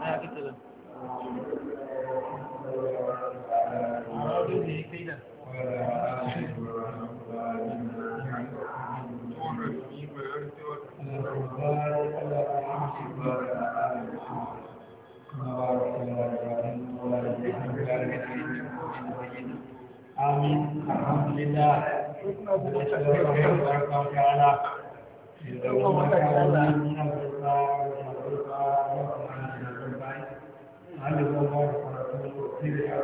Amin. Alhamdulillah. Terima kasih. Terima kasih. علم الله فلا تنصر فيها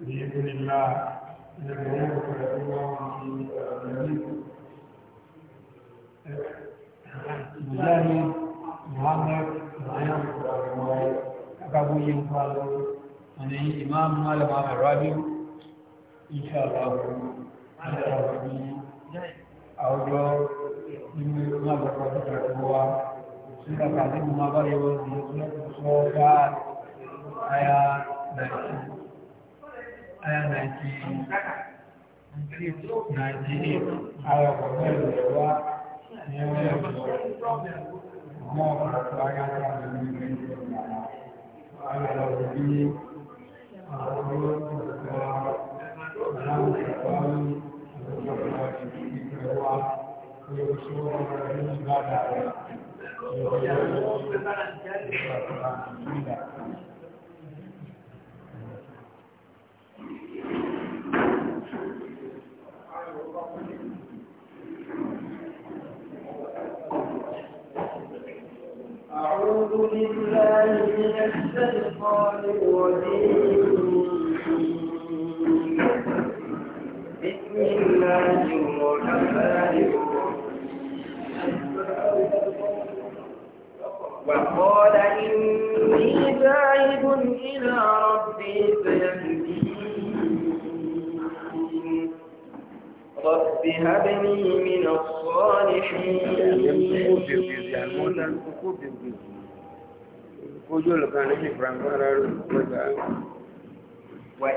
بإذن الله للغيوب فلا تنصر في مجاهد محمد معين أبو ينقال أنا إمام مالك عام الرابع إن شاء الله على ربي أوجو من ما بقدر هو سنة بعدين ما بقى يوم يوم سنة aya 19 aya 19 98 aya gwamnati da yawa ne wani kuma wasu aya ta da nuna aya da wuri a wuri da kuma ranar da kwanu da kuma kwanu da yawa ويرسلون من بعد عليه أعوذ بالله من الشيطان الرجيم بسم الله الرحمن وقال إني ذاهب إلى ربي سيهدين رب هب من الصالحين ojú كان ní ti frank ara rẹ̀ mọ́ta. wà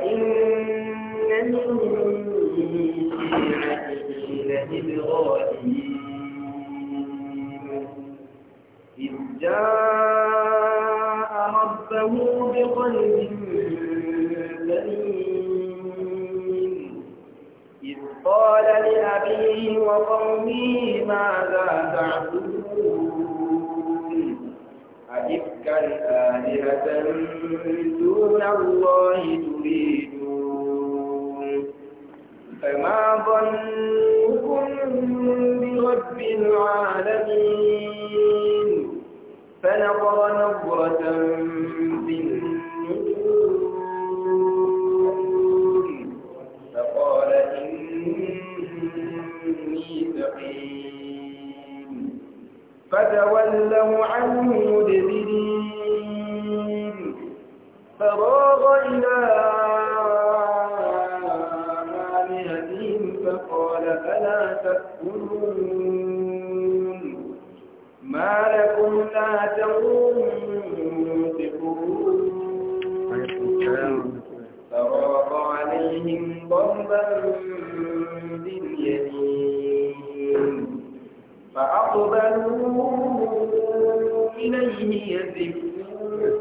إذ جاء ربه بقلب سليم إذ قال لأبيه وقومه ماذا تعبدون آلهة دون الله تريدون فما ظنكم برب العالمين فنظر نظرة في النجوم فقال إني سقيم فتولوا عنه مدبرين فراغ إلى آلهتهم فقال فلا تأكلون ما لكم لا تنطقون فراغ عليهم ضربا باليمين فأقبلوا إليه يزفون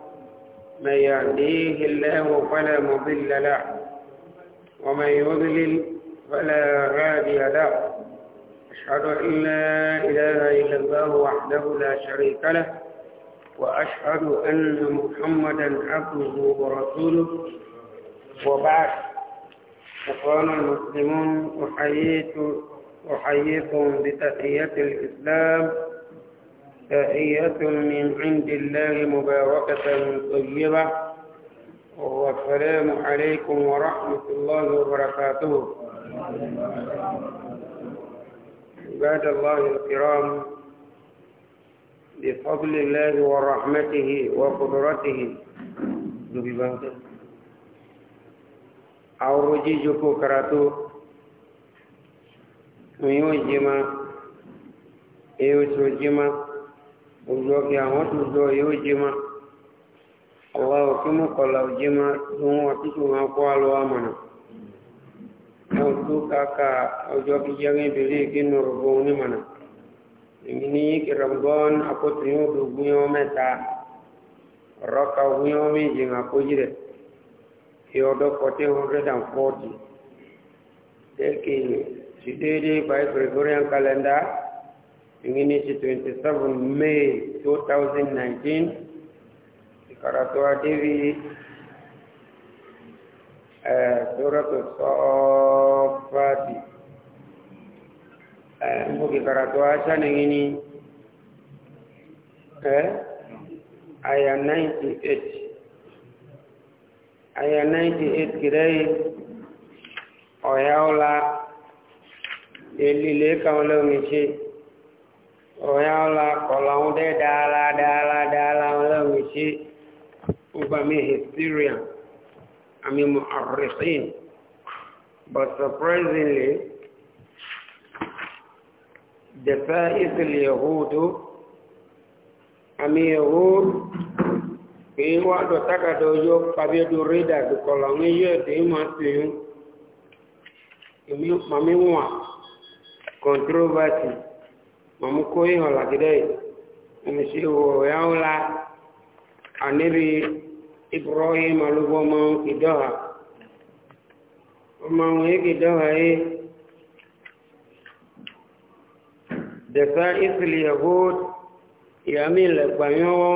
من يهديه الله فلا مضل له ومن يضلل فلا غادي له أشهد أن لا إله إلا الله وحده لا شريك له وأشهد أن محمدا عبده ورسوله وبعد فقال المسلمون أحييت أحييكم بتحية الإسلام تحية من عند الله مباركة طيبة والسلام عليكم ورحمة الله وبركاته عباد الله الكرام بفضل الله ورحمته وقدرته أورجي جوكو كراتو ميوجيما يوسوجما òjò kí àwọn tó dọ yóò jẹ ma ọwọ́ òkè mú kọlà òjẹ ma tó ń wọ́n títí wọn kó alọ́ àmàna wọn tó kàkà òjò kí jẹ́rin ìbílẹ̀ kí nù rògbò onímọ̀nà èmi ní kìrọ̀gbọ́n akótó yóò dùn gbúyàn mẹ́ta rọ́ka gbúyàn méjì ń àkójì rẹ̀ fi ọdọ́ forty hundred and forty tẹ́kì sí déédéé by gregorian calendar ìrìnì ṣe 27 may 2019 ìkàràtò adébí ẹ̀ẹ́dọ́rọ̀tò sọ́ọ́pàdì ẹ̀ẹ́mú ìkàràtò aṣánìyí ni ẹ́ àyà 98 àyà 98 kìrẹ́yìn ọ̀yá ọlá èlìlẹ́ kàwọn lẹ́wọ̀n ṣe ọ̀yá ọ̀la kọ̀la ń dẹ́ dáala dáala dáala ọlọ́run ṣe ọba mi historian àmì mu àrísìn but surprisingly the first yahudu àmì yahud do wá dọ̀tákàdọ̀ ọjọ́ pàbíọ́dù rídà kọ̀la ń yọ ẹ̀dẹ́ máa tẹ̀yún màmí wọn controversy mamu koyi hɔ la gidɛ misi wo yawo la anibi ibrahim alubo mawu kidɔ ha mawu yi kidɔ ha yi e. dɛsɛ isili yahud yami le gbanyɔwɔ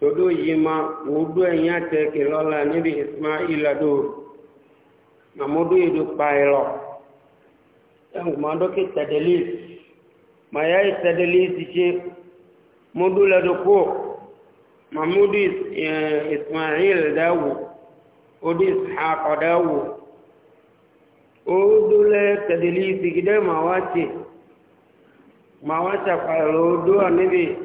todo yi ma wo do ɛnya tɛ kelɔ la anibi ismail la do mamu do yi do kpa yi lɔ ɛn kuma do ke tɛ deli mayai tadlisi che modula doko mamudi eh, ismail dawu odi ishaq dawu odule tadlisi kide mawache mawacha palo do anibi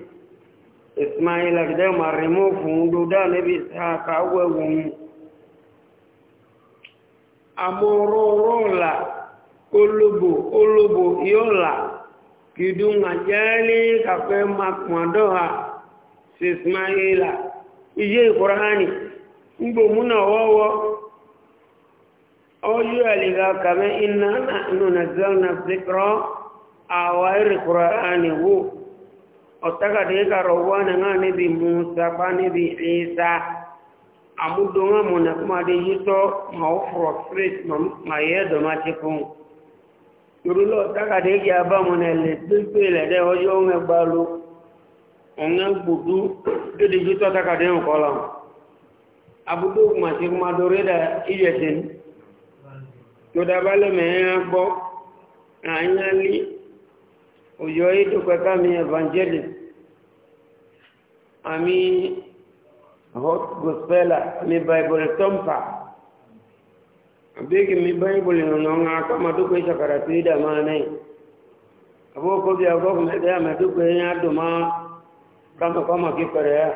ismail kide marimo fundu da anibi ishaq awewun la, olubu olubu yola kìdún àjẹ́lé kàfẹ́ makmọ̀dọ́ha sí ismaila iye ìkùránì gbòmúnà wọ́wọ́ ọjọ́ àlìgá kàmẹ́ iná nínú nàìjíríà síkọ́ àwọ̀ ìrìkùránì wò ọ̀tàkàdé kàrọ̀ wọ́ nìyà níbi musafa níbi ìsá àmúdùnmọ́ mọ̀nàkúmọ̀dé yìí tọ́ màá fọ̀rọ̀ fírèsì màá yẹ́ dọ̀má ti fún torúlọ tákàdéjì abámọ́nà ilẹ̀ tó pé ilẹ̀dẹ́ ọjọ́ ohun ẹgbà ló ọ̀nà gbùdú dédé ju tọ́ tákàdé nǹkan lọ abúdó ògùn àti kumadorédà ìyẹ̀sìn tó dábálẹ̀ mẹ́rin gbọ́ àyánlé òjò ìdókẹ́ká mi evangelist àmì hot gospeller mi bible thumper abegi mi bible no nga kama duko isha karatida maana hii hapo kwa vya kwa kumedea maduko yenye adoma kama kama kikore ya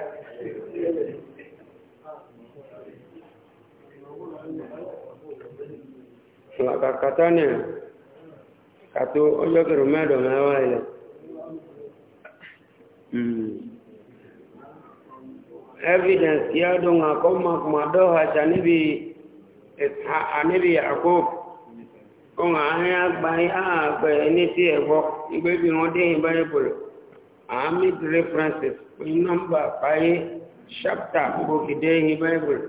wakakatane katu ojo kirumedo mewa ile mm evidence ya donga kama kumadoha cha nibi anabi yakub ọmọ ahịa agbaghị agbaghị n'isi ẹgbọ igbebi wọn dịghị baịbụl amid references onye nọmba paye shapta mbogide ihe baịbụl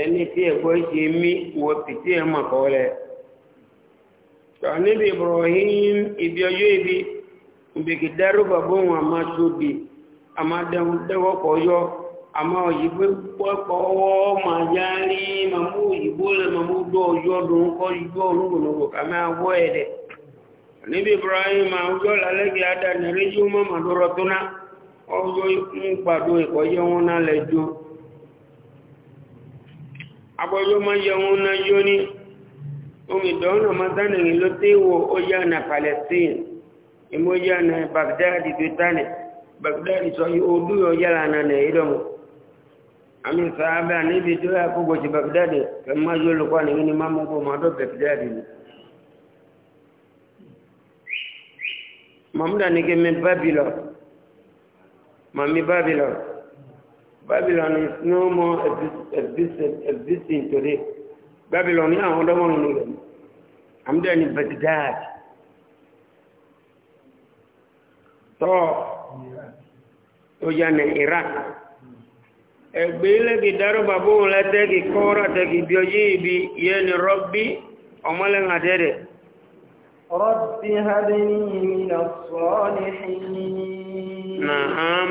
ẹni tí ẹgbọ ìṣe mi wọ pìtì ẹ màkà ọlẹ anabi ibrahim ibi ọjọ ibi mbegidaro babu wọn amasobi amadẹwọpọ yọ. àmọ́ òyìnbó pọ́pọ́ ọwọ́ máa já rí màmú òyìnbó lẹ màmú dọ́ ọjọ́ ọdún kọ́ ìjọ olúgbònàgbò ká máa wọ́ ẹ̀ dẹ̀ níbi ibrahim àwùjọ lálẹ́gẹ̀ẹ́ adànà rédíò mọ́mà lọ́rọ̀ tó ná ọjọ́ ń pàdó ìkọ́jẹ́ wọn náà lẹ́jọ́ abọ́jọ́ máa yẹ wọn náà yó ní omi dọ́nà mọ́tánìyàn ló téwò ó na palestine ìmọ̀ yá na baghdad tó tánì baghdad sọ yóò dúyọ̀ yára nà nà ìdọ̀mọ̀ àmì sàábẹ́ àníbi tó yà kó gbòṣì bẹ̀kìdẹ́dì kẹ mọ́ yóò lùkọ́ nìyí ni máa mú kó máa tó bẹ̀kìdẹ́dì ni mọ̀múdà ní kí mi bábìlọ̀ mọ̀mí bábìlọ̀ bábìlọ̀ ni no more existing today bábìlọ̀ ní àwọn ọdọ́mọ̀rún ni rẹ̀ àmúdà ní bẹ̀kìdẹ́dì tọ́ ó yà ní iraq ẹgbẹ́lẹ́ kì dárò bàbá òun lẹ́tẹ́ kì kọ́ra tẹ́kì bí ọjọ́ ibi yẹ́ ni rọ́bí ọmọlẹ́nà tẹ́rẹ̀ rọ́bí hadini mina sọ́ọ́lẹ́hìn na'am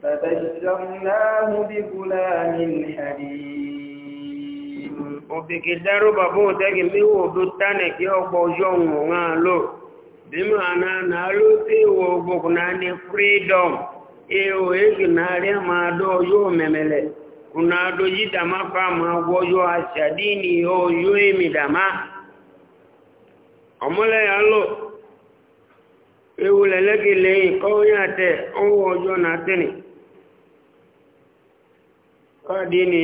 fàbẹ̀ṣọ́láhù bí gùlámin hadini òfìkì dárò bàbá òun tẹ́kì léwò tó tánẹ̀ kí ọgbọ̀ ọjọ́ òun lò bí freedom eo egi narịa ma adọ oyo memele una adọ yidama fa ma gwọyo asadini oyo dama ọmọlẹ ya lọ ewulelekele ikọ onye atẹ ọwọ ọjọ na atini kọdini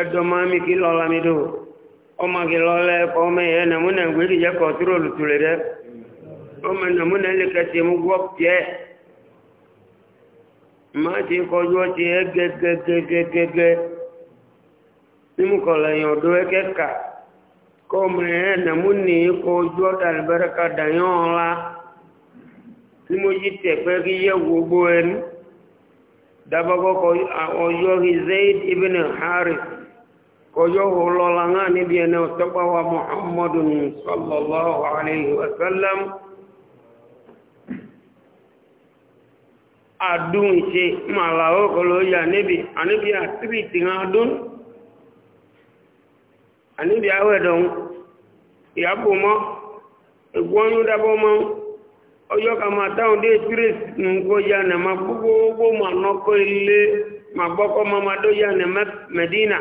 ẹdọmami kí lọlamidó na kí lọlẹ ẹkọ ọmọ yẹ nàmúnà gbẹdìjẹ kọtúrò lùtùlẹ dẹ ọmọ nàmúnà lè kẹsì mú gbọ pẹ máa ti kọjú ọtí ẹ gẹgẹgẹgẹgẹ nínú kọlọ yẹn ọdọ ẹ kẹka kọ ọmọ ẹ nàmú ní kọjú ọtá àlùbáràkà dàyàn ọlá tí mo yí tẹpẹ kí yẹ gbogbo ẹnu dábàbọ ọjọ zayd ibn hari kọjọ ọlọlá alayhi wa sallam. adun ìṣe màláwó olóyà níbi àníbi àtírìtì hàn adún àníbi awẹ́dọ̀un ìyàbò mọ́ ìgbóyún dábọ́ mọ́ ọjọ́ ka máa táwọn dé nǹkọ́ ya nà gbogbo ma nọ́kọ́ ilé mà gbọ́kọ́ mamadó ya nà mẹ́dínà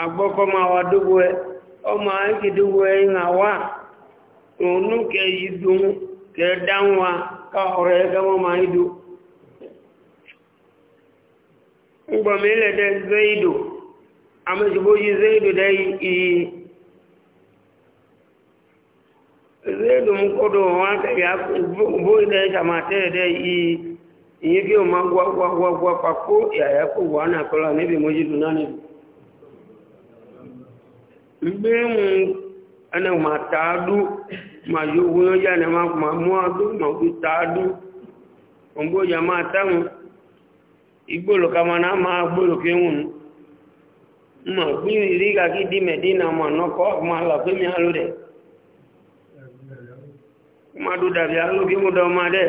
ọmọ ọmọ ìkìdíwò ẹ̀yìnà wà òun kẹ ìdún kẹ dáhùn wa ká ọ̀rọ̀ ẹgbẹ́ wọn máa ìdó ngbọ̀mílẹ̀ dẹ zẹ́ ìdò àmẹ́sìgbó yí zẹ́ ìdò dẹ ìyí zẹ́ ìdò mú kọ́dọ̀ wọn kẹ̀yà bó ilẹ̀ ṣàmàtẹ́ dẹ ìyí ìyí kí o máa gbọ́ gbọ́ gbọ́ pàkó ìyàyà kó wà náà kọ́lá níbi mojú dùn náà níbi gbẹ́mù ẹni ma tààdú ma yóò wọ́n yá ni ma ma mú àdó ma fi tààdú ọgbọ́jà ma tẹ́wọ̀n igbólòká ma náà ma gbólòké wùn ma gbíyìn rí kàkí dí mẹ̀dínà ma nọ́kọ́ ma lọ́pẹ́ mi àlò rẹ̀ ma dó dàbí alókè mú dọ́ ma dẹ̀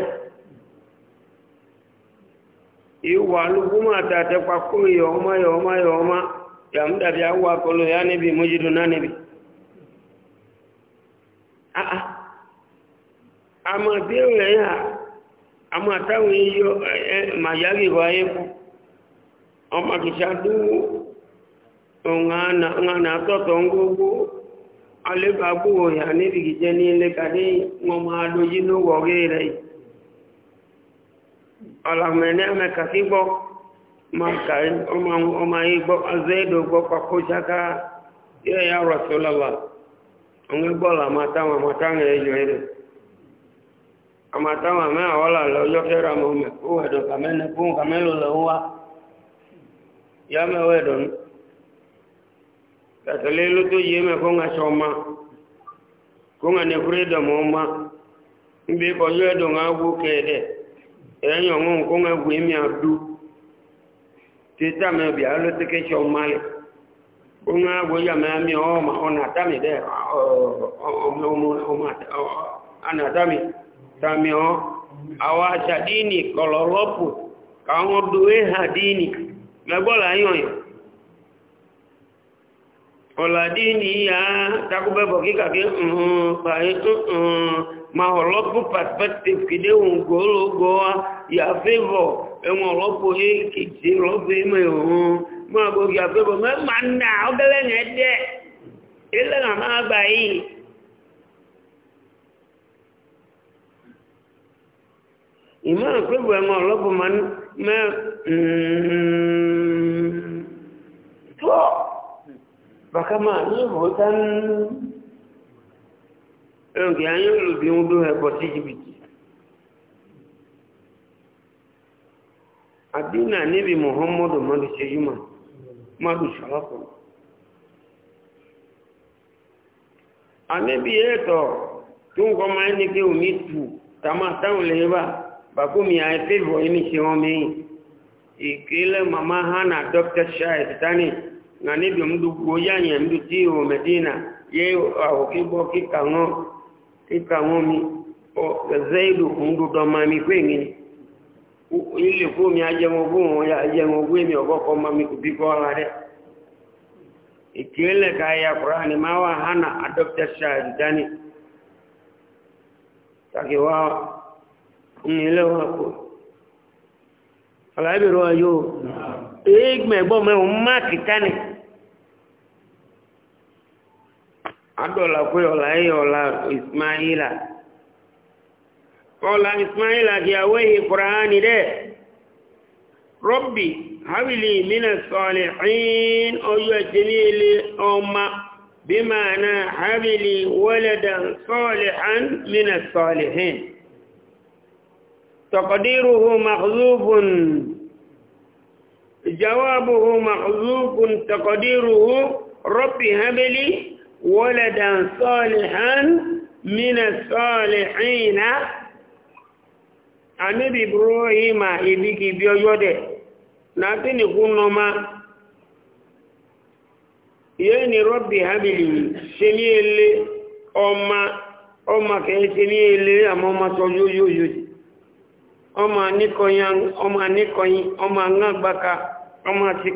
ìwà alókùn ma tàtẹ́ pa kó yọ ọmọ yọ ọmọ yọ ọmọ. yàmúdàbí awọ akọlọ ya níbi mojidu náà ụlọ ya àmàdé rẹ̀ yà àmàtàwọn iyọ ẹ màyàrí wà ẹ́kù ọmọ kìsà dúró ọ̀nà àtọ́tọ̀ ń gbogbo alẹ́gbàgbòwò yà níbi kìjẹ́ ní ilé kàdé wọn máa lójí lówọ̀ rí rẹ̀ ọ̀làmẹ́ni àmẹ́kàkígbọ́ mamkarin ọmọ yi zaido gbọ́kwa kó ṣaka yẹ ya rọ̀tọ́lọ́wà ọmọ gbọ́lá àmàtàwà àmàtàwà ẹjọ́ ẹ̀rẹ̀ àmàtàwà mẹ́wàá wọ́lá lọ́jọ́ kẹra mọ́ mẹ́ kó ẹ̀dọ̀ kàmẹ́lẹ̀ fún kàmẹ́lò lọ́wọ́ ya mẹ́wàá ẹ̀dọ̀ nù kàtàlẹ́ ló tó yé mẹ́ fún aṣọ ọma kó ń ẹni fúrédọ̀m ọma níbi kọjú ẹ̀dọ̀ ń á wó kẹ́ẹ̀dẹ̀ ẹ̀yọ̀ ń kó ń ẹ̀wù ẹ̀mí àdúró títà mẹ́ obì àwọn olóṣèké ṣe ọmọ alẹ̀ ó ń gbọ́ yà ọ àwọn aṣàdínì kọlọlọ́pù káwọn doé hàdínì mẹ́gbọ́lá yọ̀nyọ̀ ọ̀làdínì yà takúbẹ́bọ̀ kíkàkí ma ọlọ́pù perspective kìdéhùn gòólógó wa ẹ̀wọ̀n rọ́pò yé kejì rọ́pò yé mọ̀ ẹ̀hún mọ́ àgbògì àgbẹ̀bọ̀ mẹ́mà nà ọ́gẹ́lẹ́ yẹn dẹ́ ilé nà máa gbà yìí. ìmọ̀ àgbẹ̀bọ̀ ẹ̀wọ̀n rọ́pò mẹ́ tó bàkà máa ní ìwòsàn ẹ̀wọ̀n kì í ayé olùbí ń dún ẹ̀pọ̀ sí jìbìtì. àdínà níbi muhammadu mọ́dù ṣe mmadụ mọ́dù ṣọ́lọ́pọ̀ àníbi ẹ̀ẹ́tọ̀ tó ń kọmọ ẹni kí o ní tù tàmà táwọn lè bá bàkúmi àìfẹ́bọ̀ mama hana dr shahid tani na níbi mdú gbóyáyẹ̀ mdú tí o medina yẹ àwòkígbọ́ kíkà mi ọ̀ zaidu mdú dọ́mami ilé fún mi ajẹmọgún wọn ajẹmọgún èmi ọgọ́kọ́ ma mi kò bí kọ́ ara rẹ̀ ìkílẹ̀ ka ya kùrá ni máa wà hánà adọ́pítẹ́ ṣáàrì dání tàkì wá ní ilé wọn kò aláìbèrè wọn yóò éègbè ẹ̀gbọ́n mẹ́rin máàkì tánì adọ́là pé ọ̀là ẹ̀yọ̀ ọ̀là ìsmáyìlá قال إسماعيل أجاويه قراني ده ربي حولي من الصالحين أو يتني لأمة بمعنى حولي ولدا صالحا من الصالحين تقديره مخذوف جوابه مخذوف تقديره ربي هبلي ولدا صالحا من الصالحين anibi ibrahima ibiki bi ọjọ́ dẹ̀ láti nìkú nọmá yẹ́ ni rọ́bì hábìlì ele ní ilé ọmọ ọmọ kẹ́ẹ̀ ṣe ọma ilé àmọ́ ọmọ tọ́jú ọmọ aníkọyìn ọmọ aníkọyìn ọmọ anágbàka ọmọ àti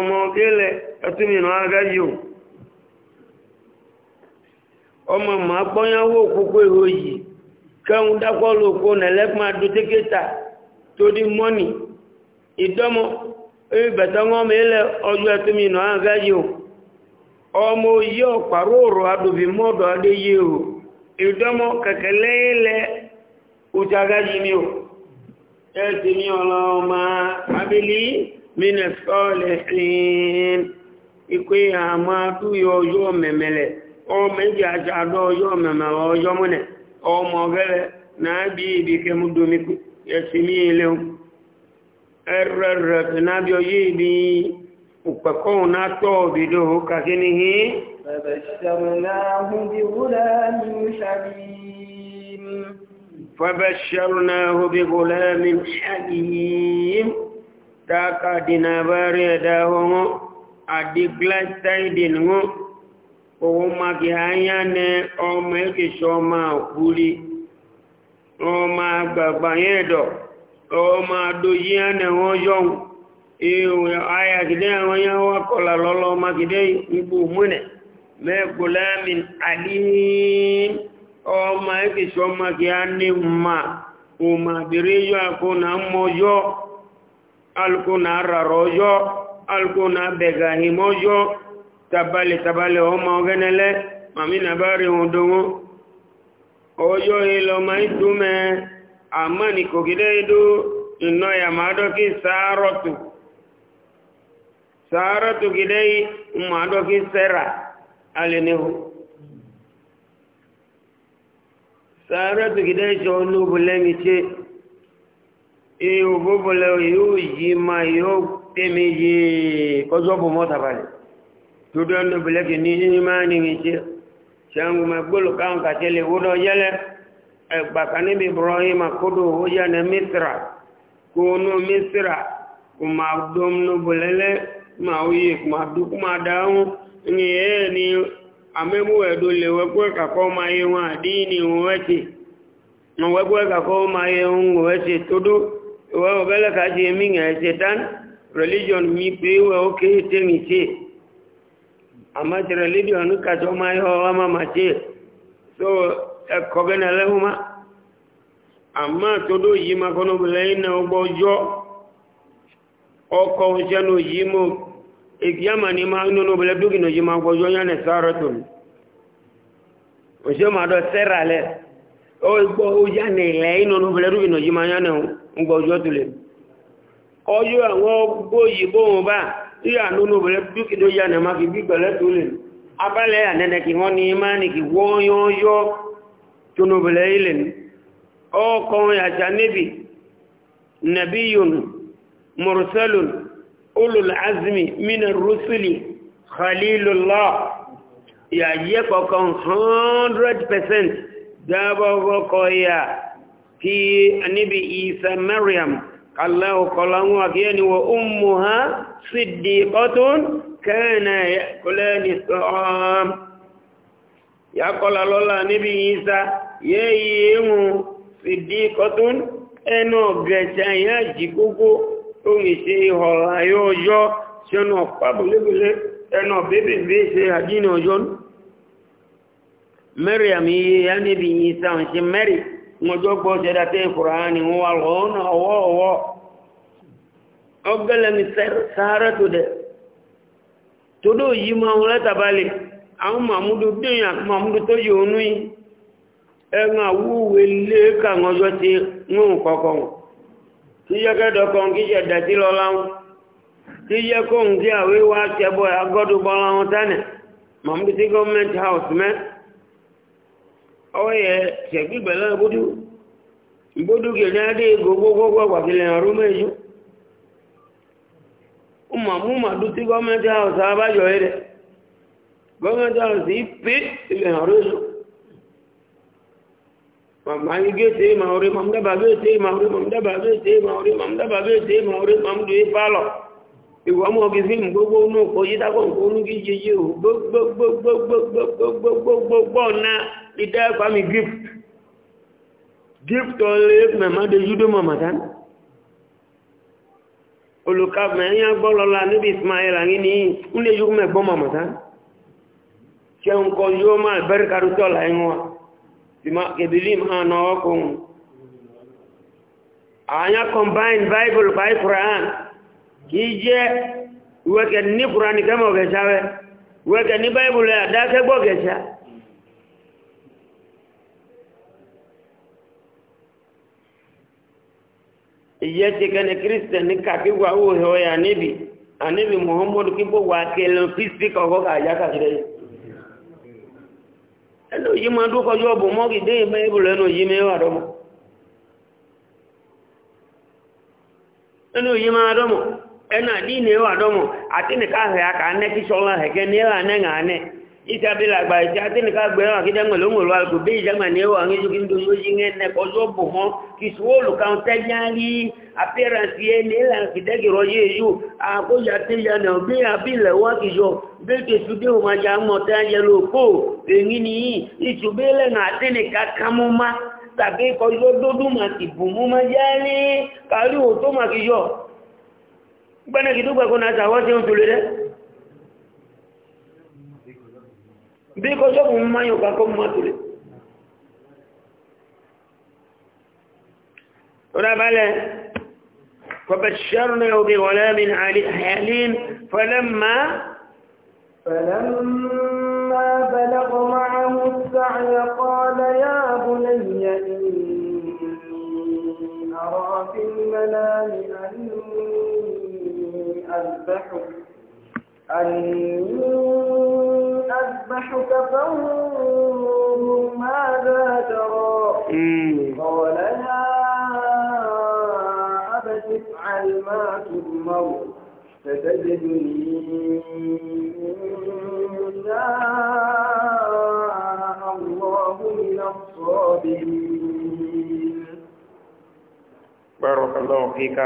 ọmọ ọdẹ́lẹ̀ ẹtùmìnà ọmọ màá gbọ́nyáwó òkúkú èrò yìí kẹ́hùn dákọ́lù òkú nẹ̀lẹ́kùn adótékéta tó dí mọ́nì ìdọ́mọ ìbẹ̀tẹ̀ wọn mẹ́lẹ̀ ọjọ́ ẹtùmí nà o ọmọ yìí ọ̀pàrọ̀ òrò o ọjọ́ ọmọ eji aṣa adọ ọjọ́ mẹ̀mẹ̀rẹ̀ ọjọ́ múnẹ̀ ọmọ ọgẹ́rẹ́ na bí ibi kẹmú domi ẹ̀sìmí ilẹ̀un ibi na náà tọ́ òbìdó kàkí ní hí فبشرناه بغلام حليم owó magi anya ní ọmọ ekesi ma àkúrí ọmọ agbàgbà yẹn dọ̀ ọmọ adóyí ẹnẹ wọn yọ̀n ihò ayàgídẹ́ àwọn yẹn wọ́n kọlà lọ́lọ́ múnẹ̀ àdín ọmọ ekesi ọmọ ọmọ tabali tabali ọmọ ọgẹ́nẹ́lẹ́ màmí nàbárí ohun dúnwó ọjọ́ ilọ̀ ma ń dúnmẹ́ àmọ́ ní kò gídẹ́ idú iná yàmádọ́kí sáárọ̀tù sáárọ̀tù gídẹ́ ìmọ̀ádọ́kí sẹ́rà alẹ́nihu sáárọ̀tù gídẹ́ ìṣọ́ olóòbù lẹ́mi ṣe ihò bóbulẹ̀ yóò yí ma yóò tẹ́mi yìí kọjọ́ bù mọ́ tabali tudon bilaki ni imani ngiche changu magbulu kan katele wudo yele e, bakani bi ibrahima kudu huja na misra kunu misra kuma dum no bulele ma uyi kuma du kuma dawo ni e ni amemu edo lewe kwe ka ko ma ye wa dini wechi no we kwe ka ko ma ye un wechi tudu we obele ka je mi nge setan religion mi pe we okay tengi che amachara lidio anuka choma yo ama mache so na-alé e, ekogena lehuma ama todo yima kono bulaina obojo oko jano yimo e, ikyama ni ma no no bula dugino yima obojo yana saratun ojo ma do serale o igbo o yana ile ino no ma ya na yana ngbo ojo tule oyo awon gbo yibo won ba iya nínú bẹ̀rẹ̀ dúkì tó yà nàmá kì bí pẹ̀lẹ́ tó lè abẹ́lẹ̀ ànẹ́nẹ́ kì wọ́n ní imá ní kì wọ́n yọ́ yọ́ tó nù bẹ̀rẹ̀ ilẹ̀ ní ọkọ̀ yàtà níbi nàbíyùn mọ̀rọ̀sẹ́lùn olùlázmi mina rusuli khalilullah yàyẹ́ 100% dábọ̀ kọ̀ yà kí níbi isa الله قلمه أكيان وأمها صديقة كان يأكلان الطعام يقول الله نبي عيسى يأيهم صديقة أنو جتايا جيكوكو تونسي هلا يوجو سنو قبل بلي أنو بيبي بيسي هدين وجون مريم يا نبي عيسى مريم mọjọ gbọ jẹdá tẹ kuraani wọn wà lọnà ọwọ ọwọ ọgbẹlẹmi sáré tó dẹ todo yìí máa wọn lẹtàbálẹ àwọn màmúdù dèèyàn màmúdù tó yòó nù yìí ẹ̀rùn àwúwe lé kàngọ́jọ́ ti rún kọ̀kọ̀ wọn tí yẹ́kẹ́dọ̀ kan kí house mẹ́ ọwọ́yẹ tẹ̀gbígbẹ̀lẹ́ ìbódú ìbódú kìí ní adé gbogbogbogbo àgbàkìlẹ̀ àrùn méjì ó ma mú màdú tí gọ́ọ̀mẹ́ntì àwọ̀sá abájọ rẹ̀ gọ́ọ̀mẹ́ntì àwọ̀sá ìpé ilẹ̀ àrùn èso màmá igé tí màá ma màmúdábàá bẹ́ẹ̀ tí ìwọ ọmọ ọgì fíìmù gbogbo inú ọkọ̀ yí dákọ̀ nǹkan oníkí yeye o gbogbogbogbogbogbogbogbogbò ọ̀nà ìdá ẹ̀kọ́ mi gift gift ọ̀lẹ́ mẹ̀má de yúdó mọ̀mọ̀ tán olùkà mẹ́yà gbọ́lọ́lá níbi ismail àyín ní ilé yóò mẹ́gbọ́n mọ̀mọ̀ tán ṣe ń kọ yóò máa bẹ́rẹ̀ karùtọ́ láyín wa kèbìlì máa náà ọkùnrin àyà combine bible by quran kìí jẹ́ wẹ́kẹ̀ ní kùránì kẹ́mọ̀ ọ̀gẹ̀ṣà rẹ̀ wẹ́kẹ̀ ní báyìbùlẹ̀ àdákẹ́gbọ́ ọ̀gẹ̀ṣà ìyẹ́ ti kẹ́ni kírísítẹ̀ ní kàkíwà òhèọ́ yà níbi àníbi muhammadu kí gbogbo akẹ́lẹ̀ fíìsì kọ̀ọ̀kọ́ kàjá kàkiri ẹnu yìí máa dúkọjú ọ̀bù mọ́kì dé ìbẹ́ ìbùlẹ̀ ẹnu yìí mẹ́wàá ẹnu yìí máa dọ́mọ̀ ena dini wa domo atini ka he aka ne ki shola he ke nela ne ngane ita bila gba ita atini ka gbe wa kide ngolo ngolo alko bi jama jukin du yo jinge ne ko zo jali appearance ye nela kide ki roje yu a ko ya te ya ne bi a bile wa ki jo bi ke su de ma ja mo ta ye lo ko engi ni itu bele tàbí kọjọ́ dódú màtì bùnmú máa jẹ́ ní kàrí òtó màtì yọ gbẹ́nà kìí tó gbẹ̀kọ́ náà tàwọ́ tí ó ń tolè rẹ̀ bí kò sọ́pù ń máa yọ̀ká kọ́ mọ́ tolè ربلا فبشرناه بغلام حليم فلما فلما بلغ معه السعي قال يا بني إني أرى في المنام أني أذبحك أني أذبحك فانظر ماذا ترى قال يا أبت افعل ما تؤمر ستجدني إن الله من الصابرين بارك الله فيك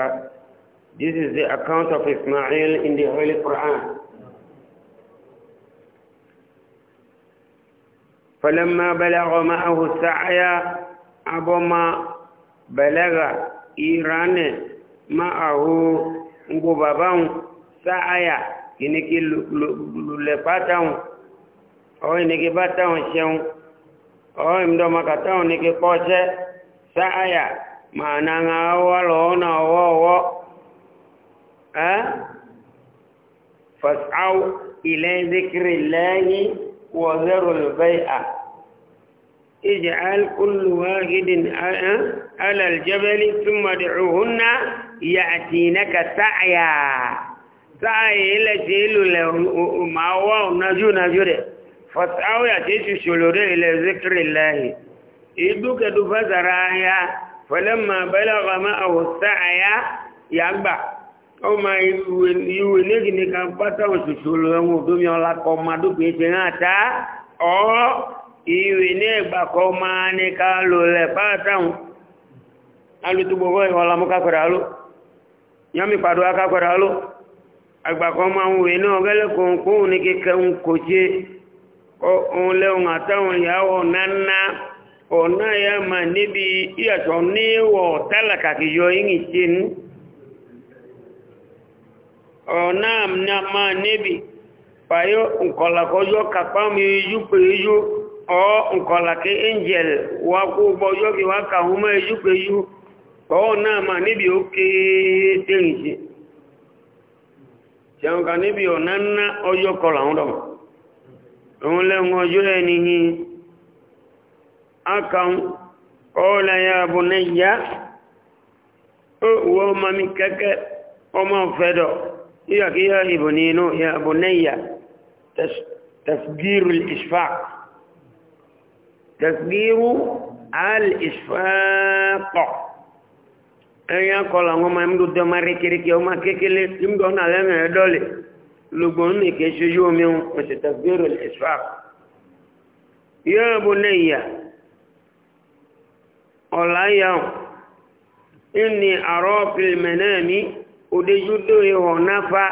This is the account of Ismail in the Holy Quran. فلما بلغ معه السعي أبما بلغ إيران معه غبابان سعي إنكي لفاتهم أو إنكي باتهم شيئا أو إمدوما كتاهم إنكي قوشة سعي معنى أول هنا هو fas'au ila ذكر الله zarul bai'a اجعل كل واحد على الجبل ثم ادعوهن يأتينك سعيا سعي إلى تيلو ما هو نجو نجو ده فسعوا يأتيش شلوره إلى ذكر الله إدوك دفزرايا فلما بلغ معه السعيا يقبع ọmọ ìwé nígi ní kan pátá òṣìṣò lọ ẹ̀wọ̀n òdómi ọlá kọ ọmọ adókòó ṣe hàn tá ọ ìwé ní ẹgbà kọ ọmọ ní ká lò lẹ pátáhùn alùtúgbò bọ́ ìwọ̀n ọlọmọ kákọ̀rọ̀ aló yọmi pàdó akákọ̀rọ̀ aló àgbà kọ ọmọ àwọn ìwé náà na kòǹkóhùn ní kíkẹ́ ń ọ̀nà máa níbi fàyọ ǹkọ̀làkọjọ́ kàpámi ìjúpẹ̀ ìjú ọ ǹkọ̀làkí angel wà kó bọjọ́ kí wá kàhún mọ́ ìjú ọ̀nà níbi ó níbi ọ̀nà ọjọ́ ó ọmọ يقول يا ابنينو يا بني تفجير الإشفاق تفجير الإشفاق أي قال ما يمدوا دماري كريك يوم كيكلي يمدون علينا دولي لبون كيشجوا من تفجير الإشفاق يا بني الله يا إني أرى في المنام odejudo ihò nafa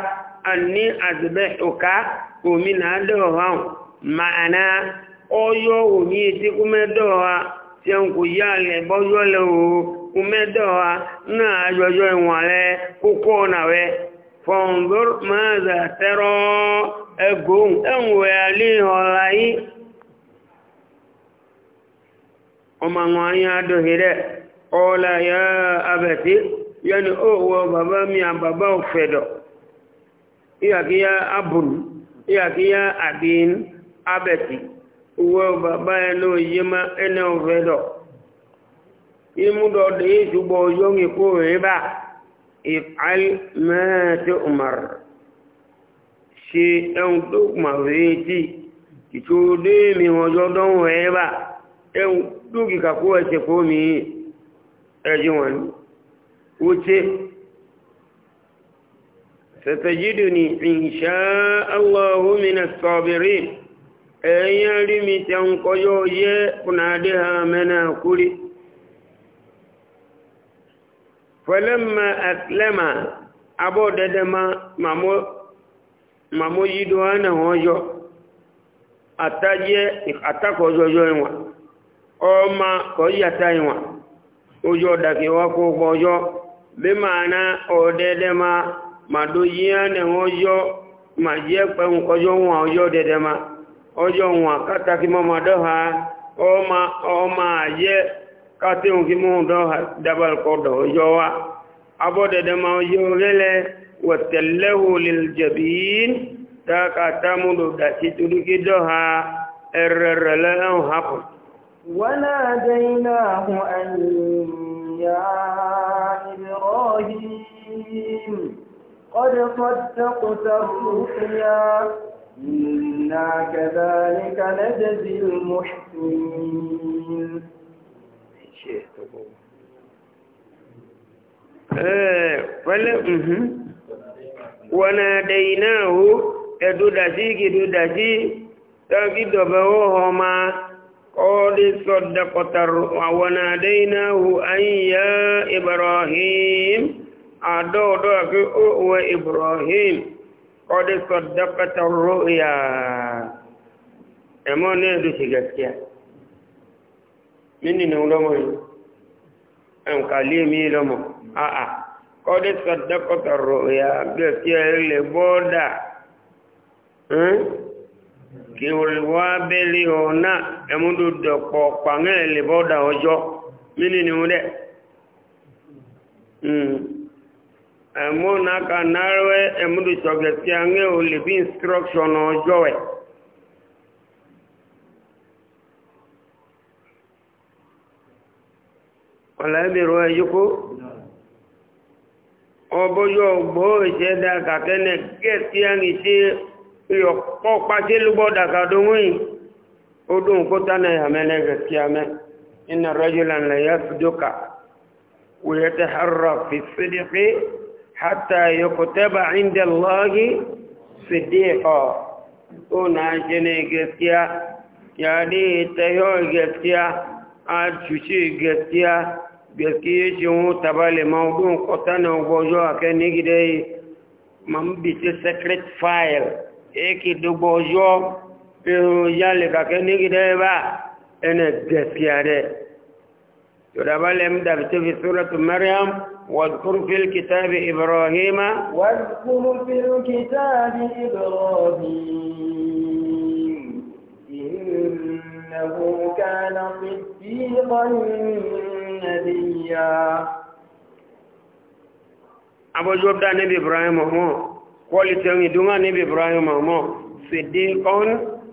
ani azbehuka omi na adọha ma'ana ọyọ omi eti kumedọha tí ń kò yá alẹ̀ bọ́jọ́ lẹ o kumedọha náà ajọjọ ìwọ̀n kókó ọ̀nà rẹ fọ̀ǹdọ́r máa zà tẹ́rọ ẹgbòhùn ẹ̀wọ̀n alẹ́ ọ̀la yìí ọmọ àwọn ayé ọ̀la yà abẹ̀tí yẹni o oh, wọ baba mi à bàbá òfẹ̀dọ̀ abun, abùrù ìyàkíyà àdín abẹ̀tì wọ bàbá ẹni òyìnmá ẹni òfẹ̀dọ̀ ìmúdọ̀ dé ìṣùgbọ̀ ọjọ́ ìkó rẹ̀ bá ìfàl mẹ́ẹ̀tì umar ṣe ẹun tó kùmàrí tí ìtò dé mi ọjọ́ dánwò ẹ̀ bá ẹun dúkìkà kó ẹ̀ṣẹ̀ kó mi ẹjọ́ wọn ni ue jidsaụmbri ehe nrimite kohi bụna dịhamnakwuri kwelea lema agba ddemamjiduaa atako wa ma ka oji ata wa ụjdagkụbọ zọ bí màánà ọ̀dẹ́dẹ́ ma màdó yíyánà ọjọ́ ma jẹ́ pẹ̀hùn ọjọ́ wọn ọjọ́ dẹ́dẹ́ ma ọjọ́ wọn kátàkì mọ́ ma dọ́ha ọmọ ọmọ àyẹ́ kátẹ́hùn kí mọ́ dọ́ha dábàlùkọ́dọ̀ ọjọ́ wa abọ́dẹ́dẹ́ ma ọjọ́ rẹ́lẹ̀ wọ̀tẹ̀lẹ́wò lẹ́lẹ́jẹ̀bìn tákàtàmúdò dàtí torí kí dọ́ha يا إبراهيم قد صدقت الرؤيا إنا كذلك نجزي المحسنين وناديناه تدودسي كدودسي تاكي دبوهما قد صدقت وناديناه أن يا إبراهيم أدودك أو إبراهيم قد صدقت الرؤيا أما نيدو تجسكيا مني نولمو أم كلمي لمو آآ آه. قد صدقت الرؤيا جسكيا اللي بودا أه؟ kìwòrìwá abẹ́lé ọ̀nà ẹmúdòdọ̀pọ̀ pàngẹ́lẹ̀ lè bọ́dà ọjọ́ mínú ni wọ́n dẹ̀ ẹmúnà ka náàrẹ́ ẹmúdòsọ̀gẹ̀ tí a ń gẹ́ o lè bí instruction ọjọ́ ẹ̀ ọ̀lẹ́bìrún ẹ̀yíkó ọbọ́yọ̀ gbọ́ ìṣẹ́dá kàkẹ́nẹ̀ gẹ́ẹ̀tí á ń yọ̀pọ̀ pàṣẹ lúgbọ́ dàkàdóhùn odun kóta náà yà mẹ́lẹ́ rẹ̀ sí amẹ́ iná rẹ́jùlan lẹ́yà fìdókà wòyẹ́tẹ̀ harra fi sídìkì hátà yọkùtẹ́bà ìndẹ̀ lọ́gí sídìkọ̀ ó náà ṣe ní gẹ̀ẹ́síá yàdí ìtẹ̀yọ́ gẹ̀ẹ́síá àjùṣe gẹ̀ẹ́síá gẹ̀ẹ́síá ṣe wọn tabalẹ̀ ma odun kóta náà gbọ́jọ́ akẹ́ nígidẹ́ yìí ma ń secret file eki dogbo ojo pero yale kake nigi de ba ene gesiare يرابل امدب في سورة مريم واذكر في الكتاب إبراهيم واذكر في الكتاب إبراهيم إنه كان صديقا نبيا أبو جوب ده نبي إبراهيم هو kọ́lì tẹ́rin ìdúnrà níbi ibrahim ọmọ fìdí ọ́n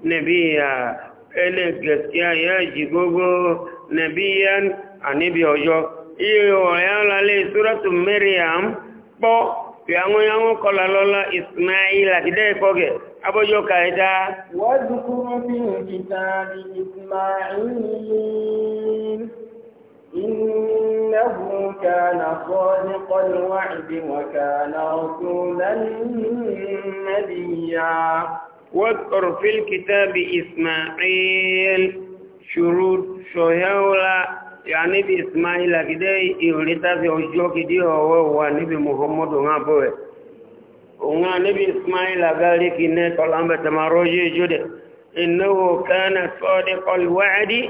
nẹ̀bí ẹlẹ́ gẹ̀ẹ́sìá yẹ́ jì gbogbo nẹ̀bí yẹn àníbi ọjọ́ iye ọ̀yá lálẹ́ ìsúrọ́tù mẹ́rìàm pọ́ fi àwọn yàwọn kọlà lọ́lá ismail àtidẹ́ ìkọ́gẹ̀ abọ́jọ́ kàídá إنه كان صادق الوعد وكان رسولا نبيا واذكر في الكتاب إسماعيل شروط شهولا يعني بإسماعيل كده يوليتا في أجوك دي هو هو نبي محمد ونبوه ونبي نبي إسماعيل قال لك إنه طلعنا تماروجي جده إنه كان صادق الوعد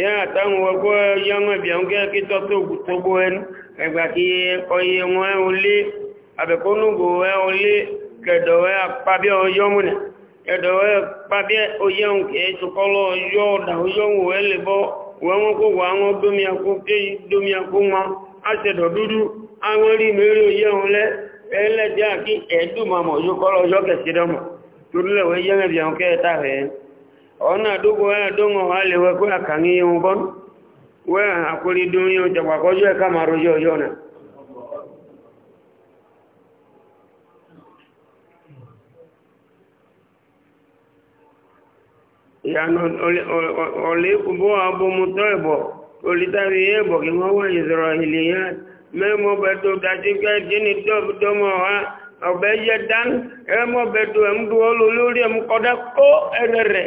yẹ́ àtàwọn ọgbọ́ yọ́mọ̀ bí ọ̀n kẹ́kẹ́ tọ́ tó gbogbo ẹnu ẹgbà kí ọyẹ wọn ẹ olé àbẹ̀kónúgbò ẹ olé kẹ̀dọ̀wẹ́ apábẹ́ ọyọ́mùnà kẹ̀dọ̀wẹ́ apábẹ́ oyẹun kẹ́ tukọ́lọ́ ọyọ́ ọ̀dà oyọ́wò ẹ lè bọ́ wọ́n kó wà wọn dómiakó ké dómiakó wọn àṣẹdọ̀ dúdú àwọn rí mẹ́rin oyẹun lẹ́ ẹlẹ́dẹ́ àkí ẹ̀ẹ́dùmọ̀mọ̀ yókọ́lọ́ ọyọ́ kẹ̀sídọ́mọ̀ torílẹ̀ wọ́n yẹ́rẹ̀ bí ọ̀n kẹ́ẹ̀ta rẹ̀ ona dogo ya dongo wale wako akangi ubon we akuli dunyo chakwa kojo kama rojo yona yano ole kubo abo mutoebo olitari ebo kimo wa israeliya memo beto katika jini top tomo ha ọ̀bẹ̀ yẹ dán ẹmọ́ bẹ̀tọ̀ ẹ̀mdùwọ́ lórí ẹ̀mkọ́dá kó ẹ̀rẹ̀rẹ̀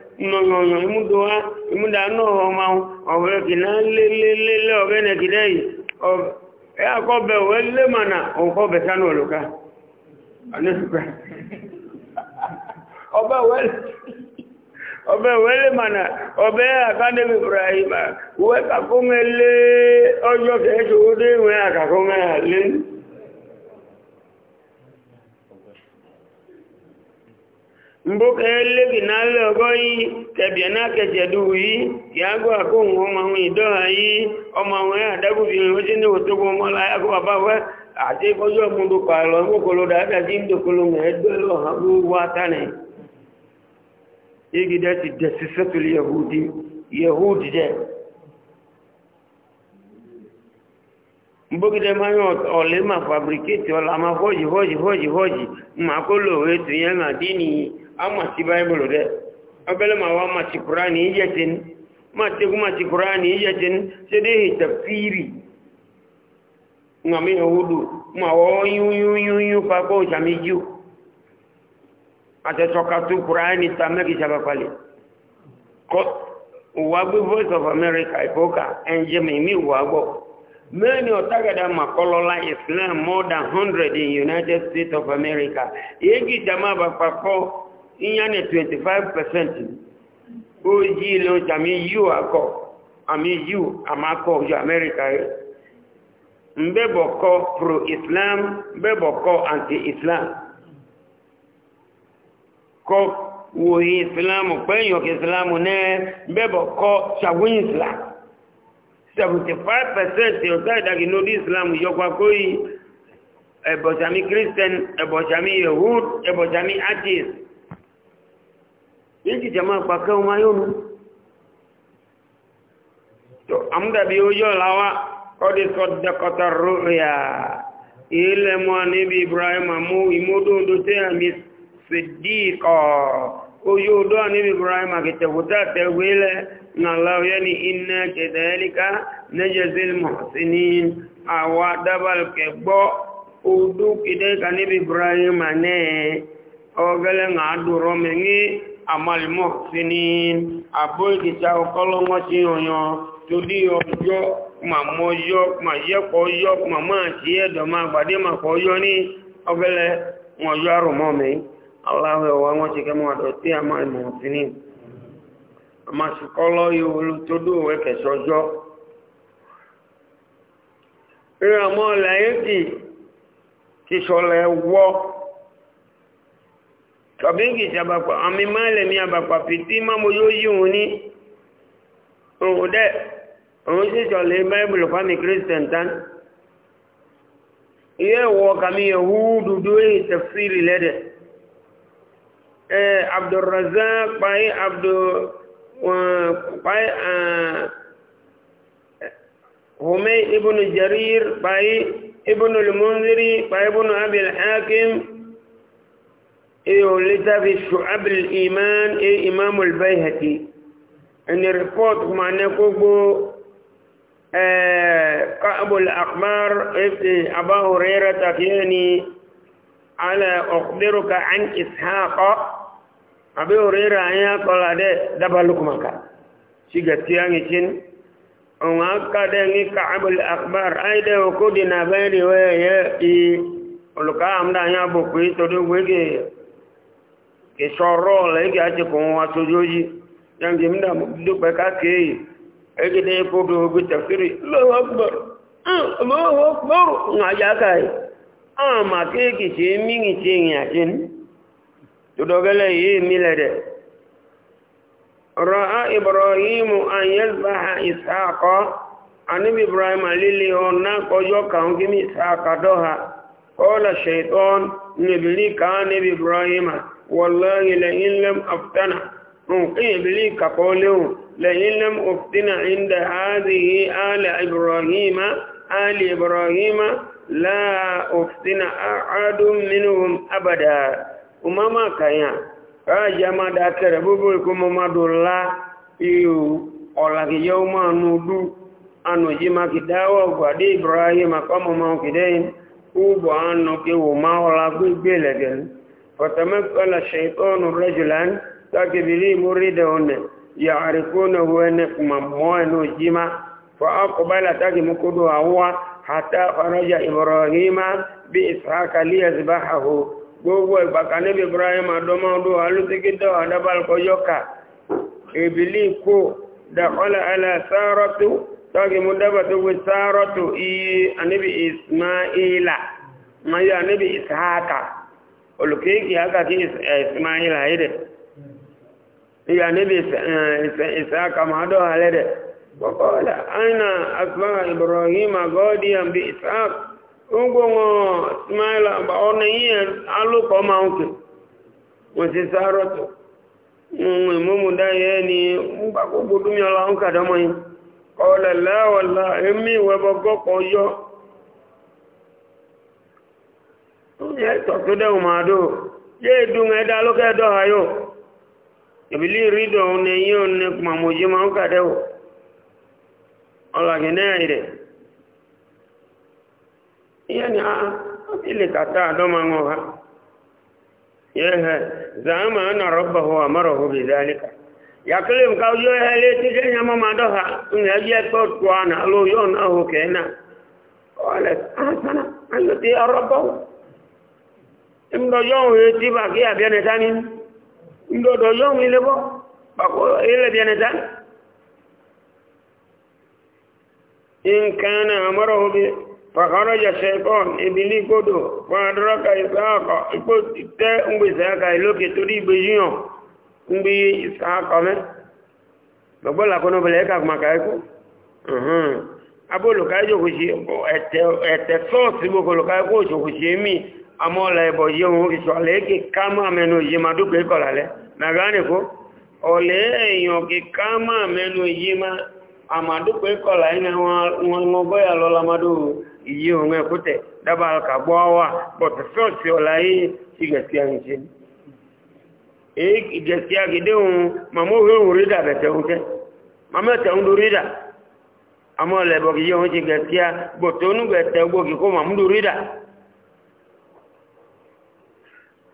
nọ̀yọ̀yọ̀ ìmúdà náà ọmọ ọ̀rẹ́ kì náà lélẹ́lẹ́lẹ́ ọ̀rẹ́ nẹ̀kì lẹ́yìn ẹ akọ́bẹ̀ òwe mànà òǹkọ́bẹ̀ sánú ọ̀lọ́ká ọbẹ̀ lé ọjọ́ dé mboka elegi na ala ogoyi kebie kejedu yi yago akongo manwe doha yi omanwe adagu bi oje ni otogo mola yago baba we bojo mundu palo da da jin ngedelo habu watane igi dati yahudi yahudi de de ma fabricate ola ma hoji hoji hoji ma wetu yenga dini amati bible de abele ma wa mati qur'ani yetin mati kuma ti qur'ani yetin se de hi ngami hudu ma wo yu yu yu yu pa ko jamiju ate toka tu qur'ani tameki chaba pale ko wa voice of america ipoka enje mi mi wa gbo many otagada makolola islam more than 100 in united states of america yegi jama ba ìyẹn ní 25% ó yí ló jàmí yíò akọ àmì yíò àmàkọ ọjọ́ amẹ́ríkà rẹ̀ mbẹ́bọ̀kọ́ pro-islam kọ anti-islam Kọ wòye islam pẹ́yàn kí islam náà kọ ṣàwìn islam 75% ọ̀tá ìdàgì lórí islam yọkwa kó yí ẹ̀bọ̀sàmí christian ẹ̀bọ̀sàmí yehud ẹ̀bọ̀sàmí atheist méjì jẹmọ́ pàkẹ́ ọmọ yónú tó àmúdàbí ojú ọ̀láwá ọdí sọ́dọ̀kọta rúrìà ilẹ̀ mọ́ níbi ibrahim mú ìmúdóńdó tí a mi sìdíkọ̀ ojú odó níbi ibrahim àkẹtẹ̀kútà tẹ̀wé lẹ̀ nàláwẹ́ ní iná kẹtẹ̀ẹ́líká nẹ́jẹ̀síl mọ̀síní àwa dábàlùkẹ̀ gbọ́ odó kìdẹ́ka ibrahim náà ọgẹ́lẹ́ ń àdúrọ̀ mẹ́rin àmàlìmọ̀ sí ní àbó ìdìta ọkọ́lọ́mọ́ sí ọyàn tó dí ọjọ́ màmọ́ yọ́ màyẹ́kọ́ yọ́ màmọ́ àti ẹ̀dọ̀ máa gbàdé màkọ́ yọ́ ní ọgbẹ́lẹ̀ wọn yọ́ àrùmọ́ mi aláwẹ̀ wa wọ́n ti kẹ́mọ́ àdọ̀ tí àmàlìmọ̀ sí ní àmàṣùkọ́lọ́ wọ́ kabingi shabakwa amimale miabakwa fitima moyoyiuni ode onsisole bible fami christian tan iye wo kami yahudu doye tafsiri lede eh abdurrazzaq pai abdu pai humay ibn jarir pai ibn al-munziri pai ibn abi al-hakim ايه لذا في شعب الإيمان ايه البيهتي. البيهقي ان ريبورت معناه كوبو آه كعب الاخبار إيه على اخبرك عن إسحاق. ابي هريره يا قال هذا دبلكم كا شيغتيان كين on aka da ni ka'ab al-akhbar ai da ko dina bari waye ya i ìṣọ̀rọ̀ lẹ́gì àjẹkùn aṣojúyí yangi mna dúpẹ́ káàkiri ẹgbẹ̀dẹ̀ ìfòdó ogun tẹ̀fìrí lọ́wọ́gbọ̀rọ̀ rọ́á ibrahimu ibrahim alílé ọ̀nà kọjọ́ kàún kí ní ìsáàkà dọ́ha kọ́ọ̀lá ṣeitọ́n níbi rí káà ibrahima والله لئن لم أفتنه ممكن بليك قوله لئن لم أفتن عند هذه آل إبراهيم آل إبراهيم لا أفتن أحد منهم أبدا أماما كيا أجمع ذكر بقولكم ما دولا يو ọ̀làkì yóò máa nù dú anùjí ma kì dáwọ̀ gbàdé ibrahim akọ́mọ̀mọ́ kìdẹ́yìn ó bọ̀ ánù kí wò máa ọlá gbé gbé lẹ̀gẹ̀ẹ́ وتمكن الشيطان رجلا تكبري مريدون يعرفونه أنكم أموان جمع فأقبل تكمكدوا هو حتى خرج إبراهيم بإسحاق ليذبحه gbogbo ìgbàkà níbi ibrahim adọ́mọ́dọ́ alúsíkídọ́ àdábàlùkọjọ́ka ìbílí kó dàkọ́lá aláṣárọ́tù tọ́gì mú dábà tó gbé sárọ́tù iye aníbi ismaila ma yí ishaaka olùkéèkì àkàkí ìsìmáyìlá eh, ayédẹ̀ ìyà níbi ìsáàkà eh, máa dọ́ alẹ́dẹ̀ gbọ́kọ́lá aina asibára ibrahim agọ́díyàn bí ìsáàkà gbogbo wọn ìsìmáyìlá ọba ọ̀nà yíyẹ alùpọ̀ máa ń kè wọ́n ti sáárọ̀ tó ohun ìmúmúdá yẹ́ ni ń gbàgbogbo dúmí ọlá ń kàdámọ́ yìí kọ́lẹ̀ lẹ́wọ̀lá èmi ìwẹ̀bọ̀gọ́kọ̀ yọ ya tokyo de umado ye dunga da lo ke do hayo ibili rido ne yon ne kuma moji ma ka de o ala gene ire ya ni a ile kata do ma ngo ha ye he zama na rabbahu amaruhu bi zalika ya kelim ka yo he le ti ke nyama ma do ha ngi ye to twana lo yon a ho ke na wala asana ayo ti rabbahu ńdọ̀jọ́ òun yóò tí bà kí àbíẹnẹta ní ńdọ̀dọ̀jọ́ òun ilé bọ́ pàkó ilẹ̀ bíẹnẹta nǹkan náà mọ́rọ̀ obi fàkọ́rọ́jà sẹ́kọ́n ìbílí kódò fún adúrọ́kà ìsáàkọ̀ ipò tẹ́ ń gbèsè àkà ìlókè torí ìgbè yíyàn ń gbé ìsáàkọ̀ mẹ́ gbogbo làkọ́nà bẹ̀rẹ̀ ẹ̀ka àkùmàkà ẹ̀kọ́ abóolùkáyọ̀ amọ́la ẹbọ̀ yí ohun ìṣọ̀lẹ̀ kí ká máa mẹ́nu yí ma dúkù ìkọ̀lá lẹ́ nàgánìkó ọ̀lẹ́ èèyàn kí ká máa mẹ́nu yí ma àmàdúkù ìkọ̀lá iná wọn mọ́gọ́yà lọ lamadó ìyí ohun ẹ̀kútẹ̀ dábàá kàgbọ́ wà pọ̀tù sọ́ọ̀sì ọ̀la yìí ti gẹ̀ẹ́sì àyìnṣe èyí gẹ̀ẹ́sì àgídé ohun màmú òwe òun rídà bẹ̀tẹ̀ ohun kó màmú rídà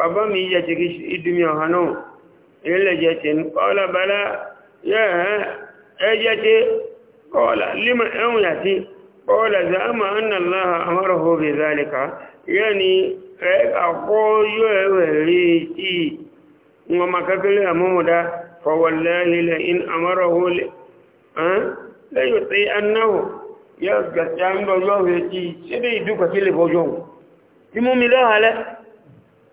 bàbá mi yẹ ti ìdúmí ọ̀hán náà ilẹ̀ jẹ ti ní kọ́ọ̀lá bala yẹ́ ti kọ́ọ̀lá lima ẹ̀hùn yàtí kọ́ọ̀lá zama annàláha amáròhó bè zálika yẹ́ ni ẹ̀kọ́ yóò rí tí wọn makakílẹ̀ àmúmúdá fọwọ́láhìlẹ̀ in amáròhó lẹ́yìn tí annáhù yẹ́ gàtí àmì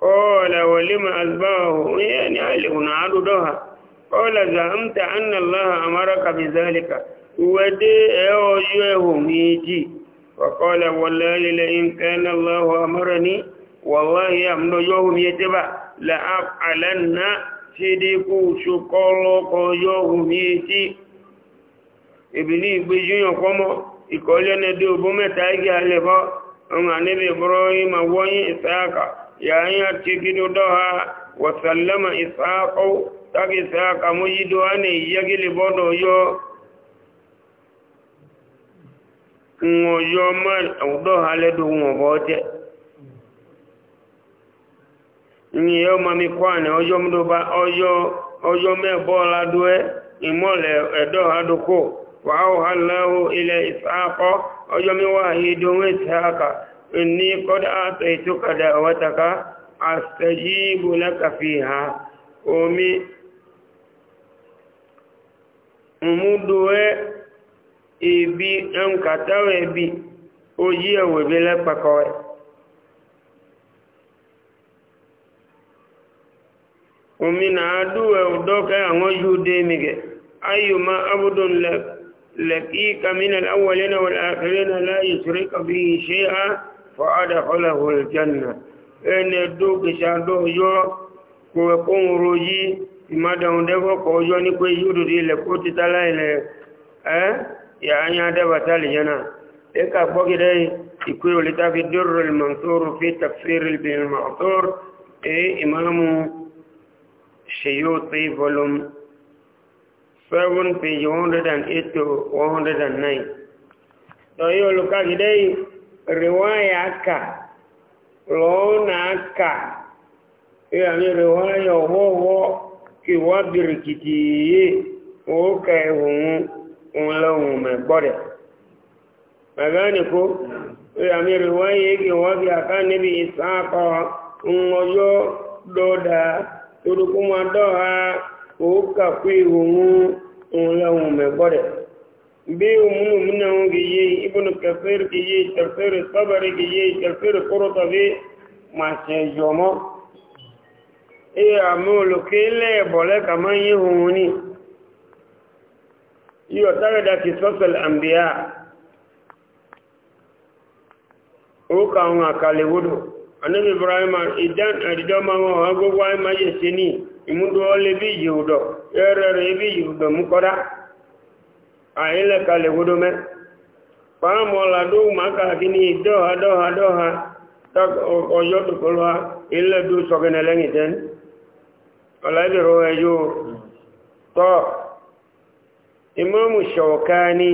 قال ولما أسباه يعني علق عددها قال زعمت أن الله أمرك بذلك ودي أوجوه ميتي وقال والله لئن كان الله أمرني والله أمن يوم يتبع لأفعلن sidiku sukoloko yohun yeti ibili igbejuyan komo ikole ne de obo meta igi alebo on anibi ibrahim awoyin isaka yayin arcikido doha wasallama isaƙo tak isaƙa muji doha ne yagi libodo yo ŋoyo ma doha le do ŋobote nyiyo mami kwane oyo mdoba oyo oyo mebola due imole edoha doko wa auha llahu ila إني قد آتيتك دعوتك أستجيب لك فيها أمي أمدوه إبي أنكتاو إبي أجيه وبلك بكوه omi na aduwe udoka àwọn yude mige ayuma abudun laki kamina alawalina wal akhirina la yusrika فأدخله الجنة إن الدوك شاندو يو كوكون روجي ما دون دفو كوجوني كوي يودو دي لكوتي تلاي ل أه يا أني هذا بتالي جنا إيكا بوكي داي يكوي لتافي در المنصور في تفسير بالمعصور إيه إمام شيوطي فولوم 7 page 108 to 109 so hiyo lukaki dai riwaya ka lona ka yani riwaya hoho kiwa birikiti o kai hun un lawun me gbore magani ko yani riwaya ki wa bi aka nabi isaqa un oyo doda turukuma doha o ka kwe hun بيومو منه جي ابن كثير جي تفسير الصبر جي تفسير قرطبي ما سيجومو إيه أمولو كيلي بولك ما يهوني يعتقد قصص الأنبياء òkà àwọn àkàlẹ̀wòdò anábì ibrahim ìdán àdìjọ́mà wọn agbógbó ayé máa yẹ̀ sí ní ìmúdó ọlẹ́bí ìyẹ̀wòdọ̀ ẹ̀rẹ̀rẹ̀ ẹbí ìyẹ̀wòdọ̀ mú kọ́dá àìlẹ̀ kalẹ̀ gbódó mẹ́ pàámọ́lá tó máa kàkí ní dọ́ha dọ́ha dọ́ha ọjọ́ tó kọlu ha ilẹ̀ tó sọ́kẹ́nẹ̀ lẹ́yìn tẹ́ ọ̀láìbẹ̀rọ̀ ẹjọ́ tọ́ imamu ṣọ̀ọ̀kání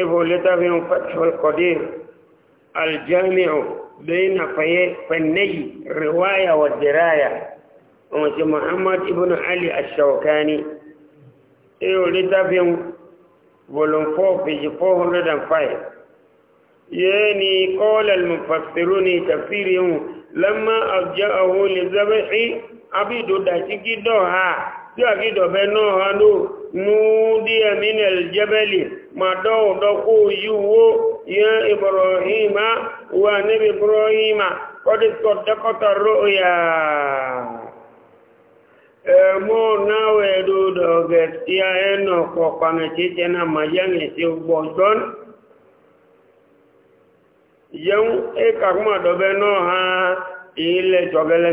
ibò lẹ́tàfí kọ̀dír aljamiu riwaya wa diraya ọmọ ti muhammad ibn ali aṣọ̀ọ̀kání hiyo littafin volume 4 page 405 yani qala al-mufassirun tafsirun lamma abja'ahu li dhabhi abidu dakiki doha ya kido beno hando nudi min al-jabal madaw doko yuwo ya ibrahima wa nabi ibrahima qad saddaqata ar-ru'ya mo na we do do get ya eno ko kana chiche na mayangi si ugbonton yau e ka kuma do be no ha ile jogele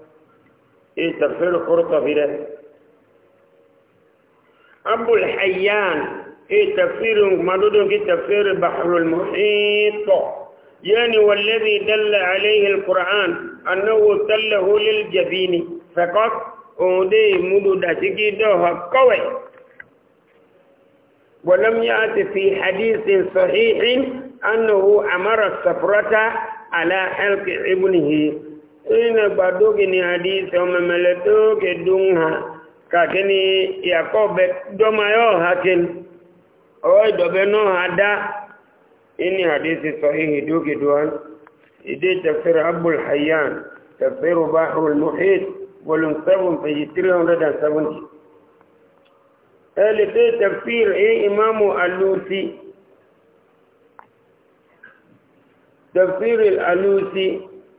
استغفر قرطبي أبو الحيان في تفسير مدود في تفسير بحر المحيط يعني والذي دل عليه القرآن أنه تله للجبين فقط أودي مدود تجدها قوي ولم يأت في حديث صحيح أنه أمر السفرة على حلق ابنه ina gbadoke ni hadisi omemele toke dun ha kakini yakobe domayo hakin oi dobe no hada ini hadisi sahihi duke duan ide tafsir abul hayyan tafsir bahrul muhit volume 7 page 370 ele tafsir e imamu alusi tafsir alusi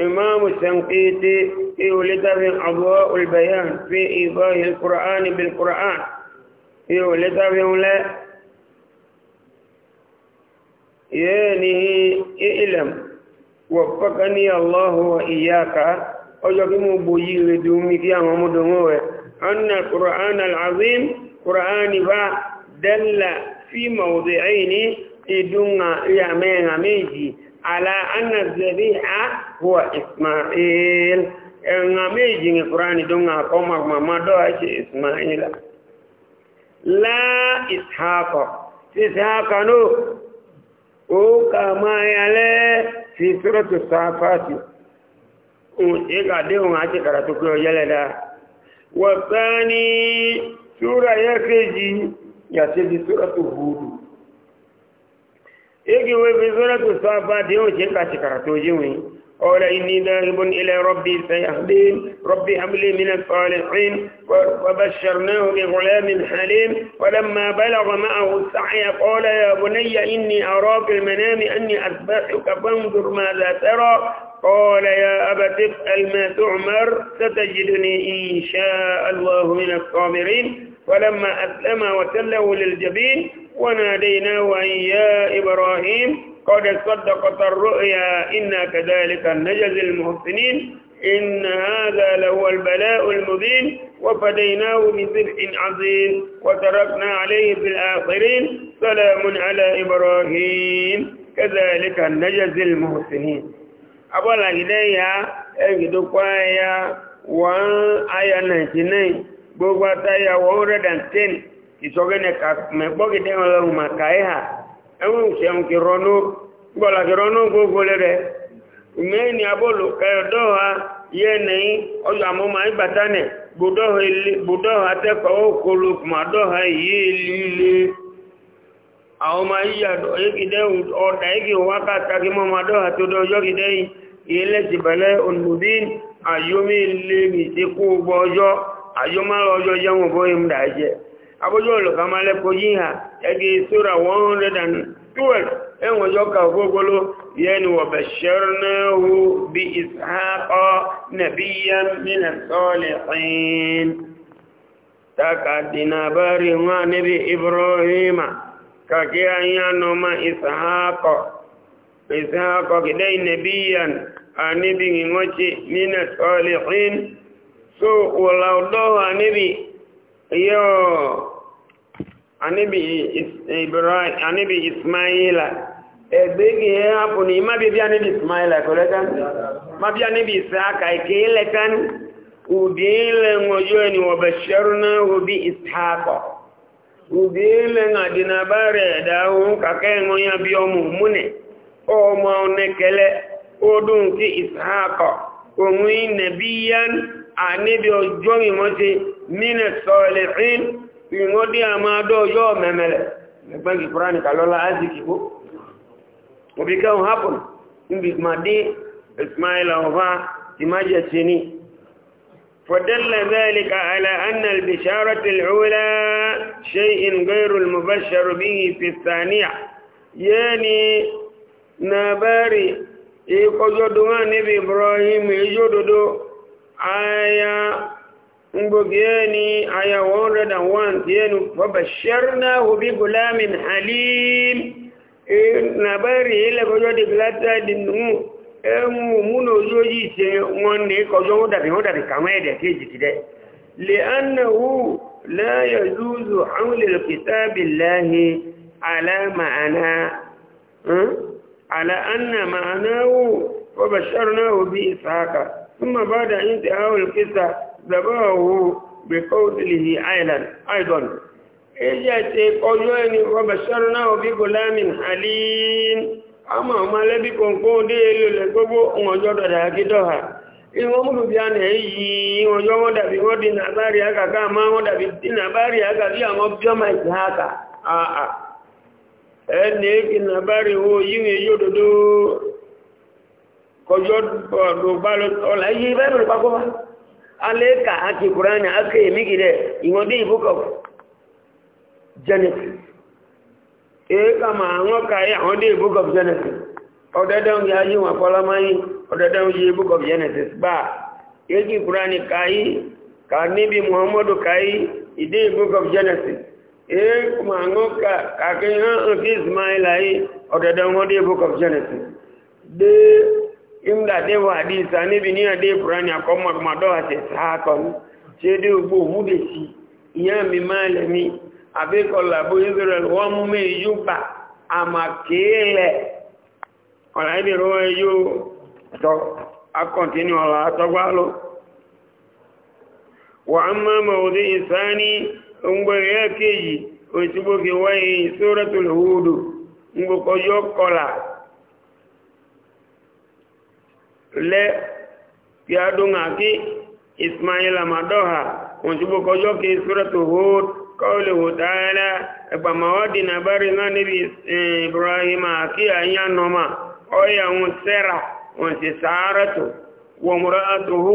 إمام السنقيتي يولد من أضواء البيان في إيضاه القرآن بالقرآن يولد من لا يانه إعلم وفقني الله وإياك أجاكم بوجيه دومي كي أمام أن القرآن العظيم قرآن با دل في موضعين إدونا يا مين ميجي على أن الذبيحة هو إسماعيل نميجي القرآن دون قومك ما دوش إسماعيل لا إسحاق إسحاق نو وكما يلي في سورة الصافات إيقادهم عشي كراتوكيو يلدا والثاني سورة يكيجي يسيدي سورة هود yake wai bai zo na tusa ba da yawan قال إني ذاهب إلى ربي سيهدين ربي هب لي من الصالحين وبشرناه بغلام حليم ولما بلغ معه السعي قال يا بني إني أرى في المنام أني أذبحك فانظر ماذا ترى قال يا أبا تفعل ما تعمر ستجدني إن شاء الله من الصابرين ولما أسلم وتله للجبين وناديناه أن يا إبراهيم قد صدقت الرؤيا إنا كذلك نجزي المحسنين إن هذا لهو البلاء المبين وفديناه بذبح عظيم وتركنا عليه في الآخرين سلام على إبراهيم كذلك نجزي المحسنين أولا إليها أجد قوايا وآية 99 بوغة 110 isogene ka me boge den la uma ka eha ewu se on ki ronu gola ki ronu go gole re me ni abolo ka do ha ye ni o ya mo ma igbata ne budo ile budo ate ko ko lu ma do ha yi ile awon ma iya do e ki de o da e ki wa ka ta ki mo ma do ha to do yo ki de ile ti bale on mudin ayumi ile mi ti ku bojo ayuma lojo yan bo im da je abójú ọ̀lọ̀ká máa lẹ́kọ̀ọ́ yí hà ẹgbẹ́ sóra 112 ẹ̀wọ̀n yọ́ka ògbógbóló yẹni wọ̀ bẹ̀ṣẹ́rẹ́nẹ́hù bí ìsáàkọ́ nàbíyàn mílẹ̀ sọ́ọ̀lẹ̀ ẹ̀yìn takàdínà bá rí wọn níbi ibrahima kàkí ayánumá ìsáàkọ́ ìsáàkọ́ so nàbíyàn àníbi ìwọ́n iyo anibi ibrahim anibi ismaila ebegi hapo ni mabibi anibi ismaila koleka mabibi anibi isaka ikile kan udile ngoje ni wabasharna ubi ishaqa udile na dinabare dau kake ngoya bio mumune o maonekele odun ki ishaqa ngui nabiyan anibi ojomi moti من الصالحين في مودي أمادو يو مملة نبغي القرآن كالولا أزكيبو وبيكاو هابون نبي مادي إسماعيل وفا تماجي سيني فدل ذلك على أن البشارة الأولى شيء غير المبشر به في الثانية يعني نباري يقول إيه نبي إبراهيم يجدد آية مبغياني آية 101 تينو فبشرناه بغلام حليم نباري إلا كجو دي بلاتا دنو أمو منو يوجي سي واني كجو دبي ودبي كامي دي تيجي تدي لأنه لا يجوز حول الكتاب الله على معنى على أن معناه وبشرناه بإسحاق ثم بعد انتهاء القصة ذبحه بقوله أيضا إجت قجون وبشرناه بغلام حليم أما ما لبي كونكون ديلو لكوبو ونجود داكتوها ìwọ̀n múlù bí a nẹ̀ yìí ọjọ́ wọ́n dàbí wọ́n dínà bá rí àkàkà máa wọ́n dàbí dínà bá rí àkàbí àwọn bíọ́mà ìsìnháàkà àà ẹni ìkìnà bá aleka haki Qur'ani aka yi migire book of Genesis e ka ma anwo ka ya e, onde book of Genesis odedan ya yi wa kola mai odedan yi book of Genesis ba yeki Qur'ani kai ka nibi Muhammadu kai ide book of Genesis e ma anwo ka ka ke Ismail ai odedan onde book of Genesis de imda devo hadisi anibi ni ade qur'ani akoma mado ate sakon jede ugbo mudesi iya mi male mi abe kola bo israel wa mu me ola ro to a continue ola to gbalo wa amma mawdi insani ngbo o ke wa suratul hud ngbo ko yo kola le kí a dún àkí ismail amadoha òǹtúbò kọjọ́ kí sọ́rọ̀tò hood bari náà níbi ibrahim àkí àyà nọ́mà wọn sẹ́ra wọn sì sàárẹ̀tò wọ̀mùrọ̀ àtòhó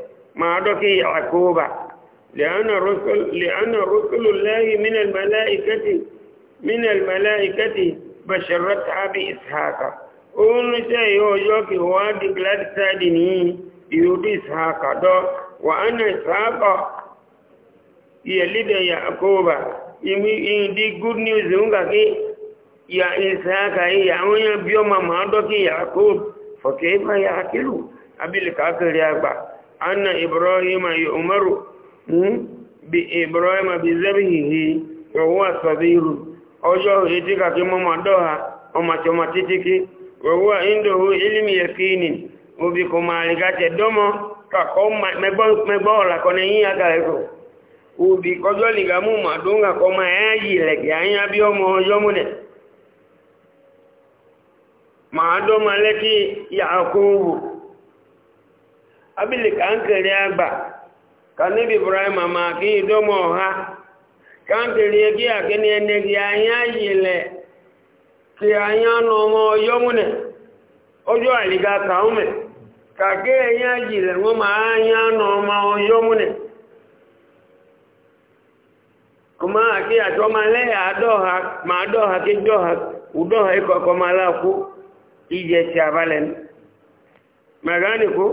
ما عدك إيه عقوبة لأن الرسل لأن الرسل الله من الملائكة من الملائكة بشرتها بإسحاق أول شيء هو جوك هو دي بلاد سادني يود إسحاق دو وانا إسحاق يلد يعقوب يدي good news هناك يا إسحاق اي يا وين بيوم ما عدك يعقوب فكيف يعقلوا أبي لك أكل يا أن إبراهيم يؤمر بإبراهيم بذبحه وهو صغير أجاه إتكا كما مدوها وما تمتتك وهو عنده علم يقين وبكما لغات الدمو kakọ́ mẹgbọ́n làkọ́ ní yíya gàrẹ́kọ̀ òbí kọjọ́ lìgàmù màdúnga kọ ma ẹ́ yìí lẹ̀gẹ̀ àyíyá bí ọmọ ọjọ́ múnẹ̀ màá dọ́ ma lẹ́kí yàkóòwò abili ka nkele aba. ka nebi ibrahim ma ka idomo ha ka nkele gị akịna ene gị anya yile ka anya n'ọnwa ọyọ nwune ọjọ aliga ka ume ka gị anya yile nwe ma anya n'ọnwa ọyọ nwune kuma aki atọmale adọha ma adọha ka ikọkọ ma ịkọkọmala ku ije ti abalị magani kwụ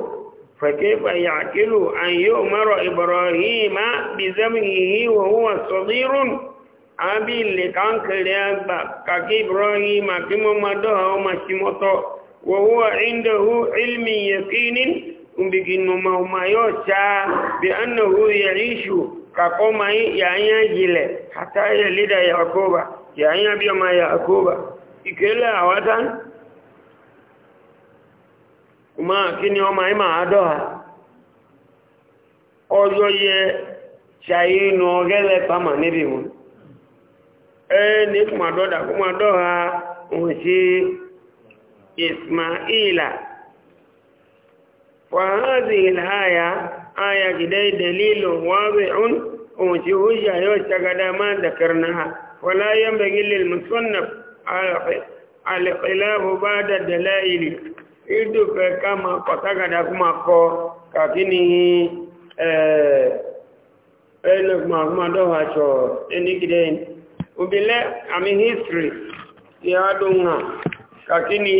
فكيف يعقل أن يؤمر إبراهيم بذبحه وهو صغير أبي لكان كليابا كاكي إبراهيم كما مدها وما شمطه وهو عنده علم يقين بكن ما هما يوشى بأنه يعيش كقوما يعيجل حتى يلد يعقوب يعيب يوم يعقوب إكلا وطن máa kí ni ọmọ ìmọ̀ àádọ́ha ọjọ́ yẹ ṣàyínú ọgẹ́lẹ̀ pàmà níbi wọn ẹni kùmàdọ́dà kùmàdọ́ha wọ́n sí ismaila fàáàzì ìlàáyà áyà gidẹ́ dalilu wáwẹ̀ún wọ́n sí hujja yóò ṣagada máa dakarna ولا ينبغي للمصنف على خلاف بعد الدلائل ìdòfẹ́ ká máa pàtàkàdà kó máa kọ kàkí ni ẹlẹ́gbọ̀n àgbọ̀dọ̀wà sọ ẹnìkìdẹ́ obìnrin àmì history ti adóhùn kàkí ni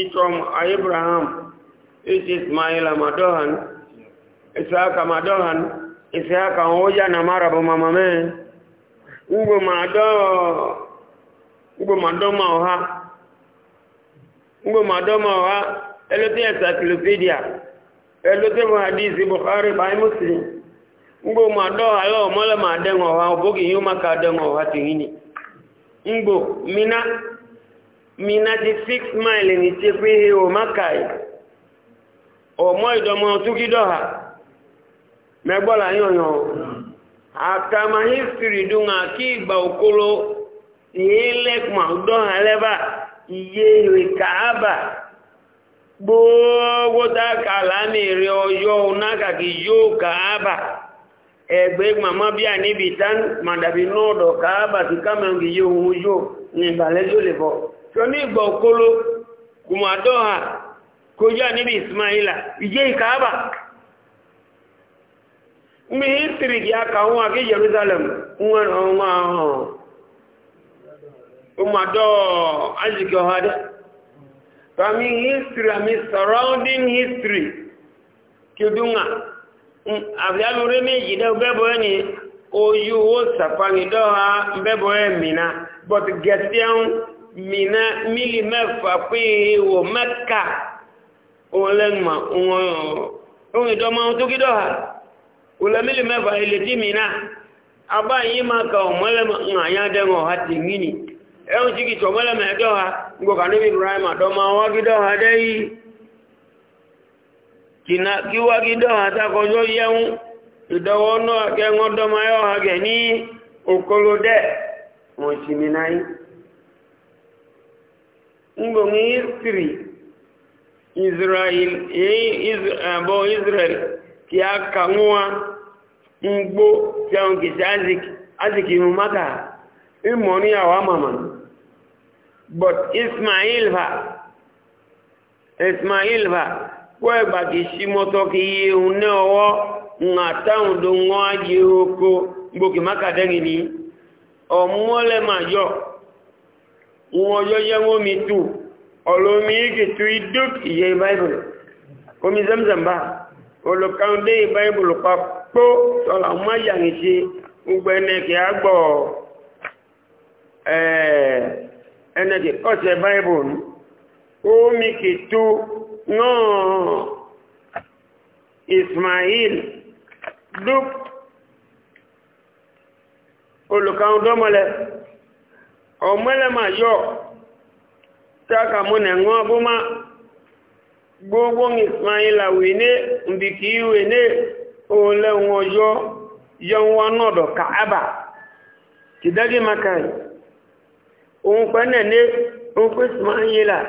ìtọ́m abraham isis maila madohan isaaka madohan isaaka ọ̀hóyà na marabu mamame ugbo madoha ngbo madoma wa elote encyclopedia elote mo hadisi bukhari bai muslim mado ayo mole ma de ngo wa obogi yuma ka de ngo wa tini ngbo mina mina di 6 mile ni chepe o makai o mo idomo tukido ha megbola yoyo akama history dunga ki okolo kuma ha iye ìwé kàábà gbogbo dáka lámì rẹ ọyọ́ onákàkì yóò kàábà ẹgbẹ́ màmá bí a níbi tán màdàbí nọ́ọ̀dọ̀ kàábà ti kámẹ́rùn-ún yóò ohun yóò ní ìbàlẹ́jò lè bọ̀ tí ó ní ìgbà òkóló kùmàdọ́ha kò yá ìkàábà mi hìtìrì kí a kà wọn àkí jerusalem wọn ọmọ ọ̀hún umadɔ azikɛ ha dɛ kami history ami surrounding history kidunga afialure meji dɛ bɛ bɔ ni oyu wo sapangi ha bɛ bɔ mina but gɛtiɛn mina mili mɛfa wo mẹ́fà ilẹ̀ tí mina abáyé máa ka ẹ̀hún tí kì tọ̀mọ́lẹ̀ mẹ́ẹ̀dọ́ha gbọ́kà níbi ibrahim àdọ́mà wágídọ́ha dẹ́yí kí wágídọ́ha takọjọ́ yẹun ìdọ́wọ́ náà kẹ́ngọ́ dọ́mà yọ́ha gẹ̀ ní òkọlódẹ́ wọ́n sì mí náyí ngbòmí history israel ẹ̀bọ̀ israel kí a kà wọ́n ń gbó tí àwọn kìí sí azikì mú mátà ìmọ̀ ní àmàmà ní but ismail va ismail va kwe ba kishimoto ki une owo ngata ndo ngwaji huko mboki makadengi ni o omole majo uwojo yango mitu olomi kitu iduk ye bible komi zamzam ba olo kaunde bible pa po tola mayangi si ugbene ke agbo eh ẹnẹ́dì ọ̀sẹ̀ báìbù ní omi kìtú náà ismail dúk olùkàun dọ́mọlẹ̀ ọmọlẹ́mà yọ tákàmúnẹ̀ wọ́n bó má gbogbo ismail ní mbìkì ìwẹ̀né ní lẹ́wọ̀n yọ yọ wọn náà dọ̀ kàábà kìdágé makai ونقلنا نقسم إلى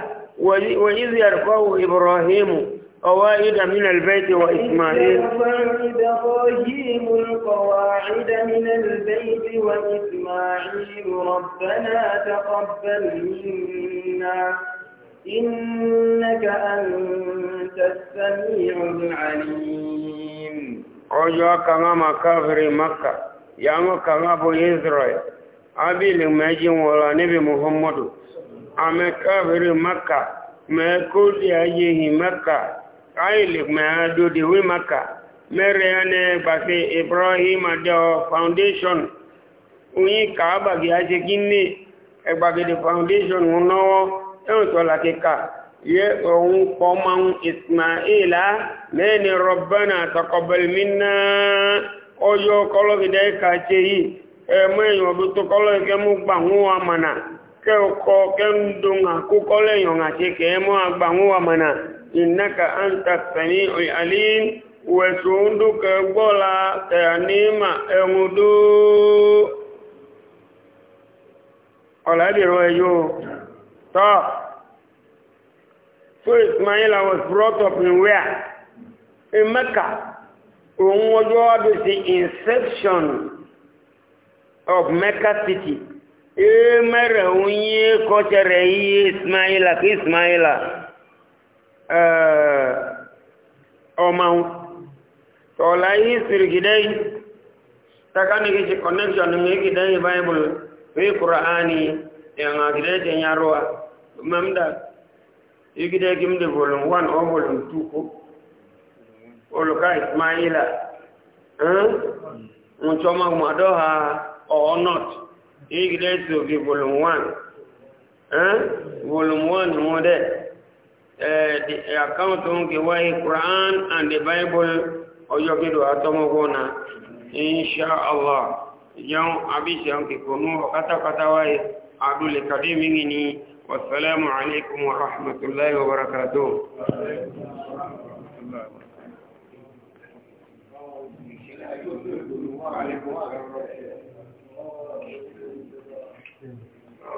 وإذ يرفع إبراهيم قواعد من البيت وإسماعيل إبراهيم القواعد من البيت وإسماعيل ربنا تقبل منا إنك أنت السميع العليم أجوا كما مكافر مكة يا كما أبو إسرائيل abili meji nwụrụ n'ebe muhammadu amekabiri maka mee kodi ehi maka aili meadodiwi maka mere ya na-egbafe ibrahim adeo foundation onye ka agbagi aje gịnị egbagide foundation nwụnọwọ enwetala kịka ye ohun kọman ismaila meni rọbana takọbalmina ọjọ kọlọgide ka ce ẹmọ èèyàn bí tó kọ́lọ́ ìkẹ́ mú gbà ń wà mọ̀nà kẹ́ ọkọ̀ kẹ́ ń dùn àkókọ́ lẹ́yìn àti kẹ́ mọ́ àgbà ń wà mọ̀nà ìnáka àlí wẹ̀sùn dúkẹ́ gbọ́la tẹ̀yànímà ọ̀làdìrọ̀ was brought up in where in mecca òun inception of Mecca city. Emere onye kọchere ihe Ismaila ka Ismaila ọmanwụ. Tọla ihe siri gidei, taka na gishi connection mai gidei Bible, mai Kur'ani, yana gidei ta yaruwa, mamda, yi gidei kim da volume 1 or volume 2 ko, oluka Ismaila, eh? Mun choma kuma doha or not. He gets to be volume 1. Eh? Volume 1, more there. Uh, the account on the Quran and the Bible or wa get to Atomogona. Inshallah. Young Abisha Kikunu, Katakatawai, Abdul Kadimini. والسلام عليكم ورحمة الله وبركاته وعليكم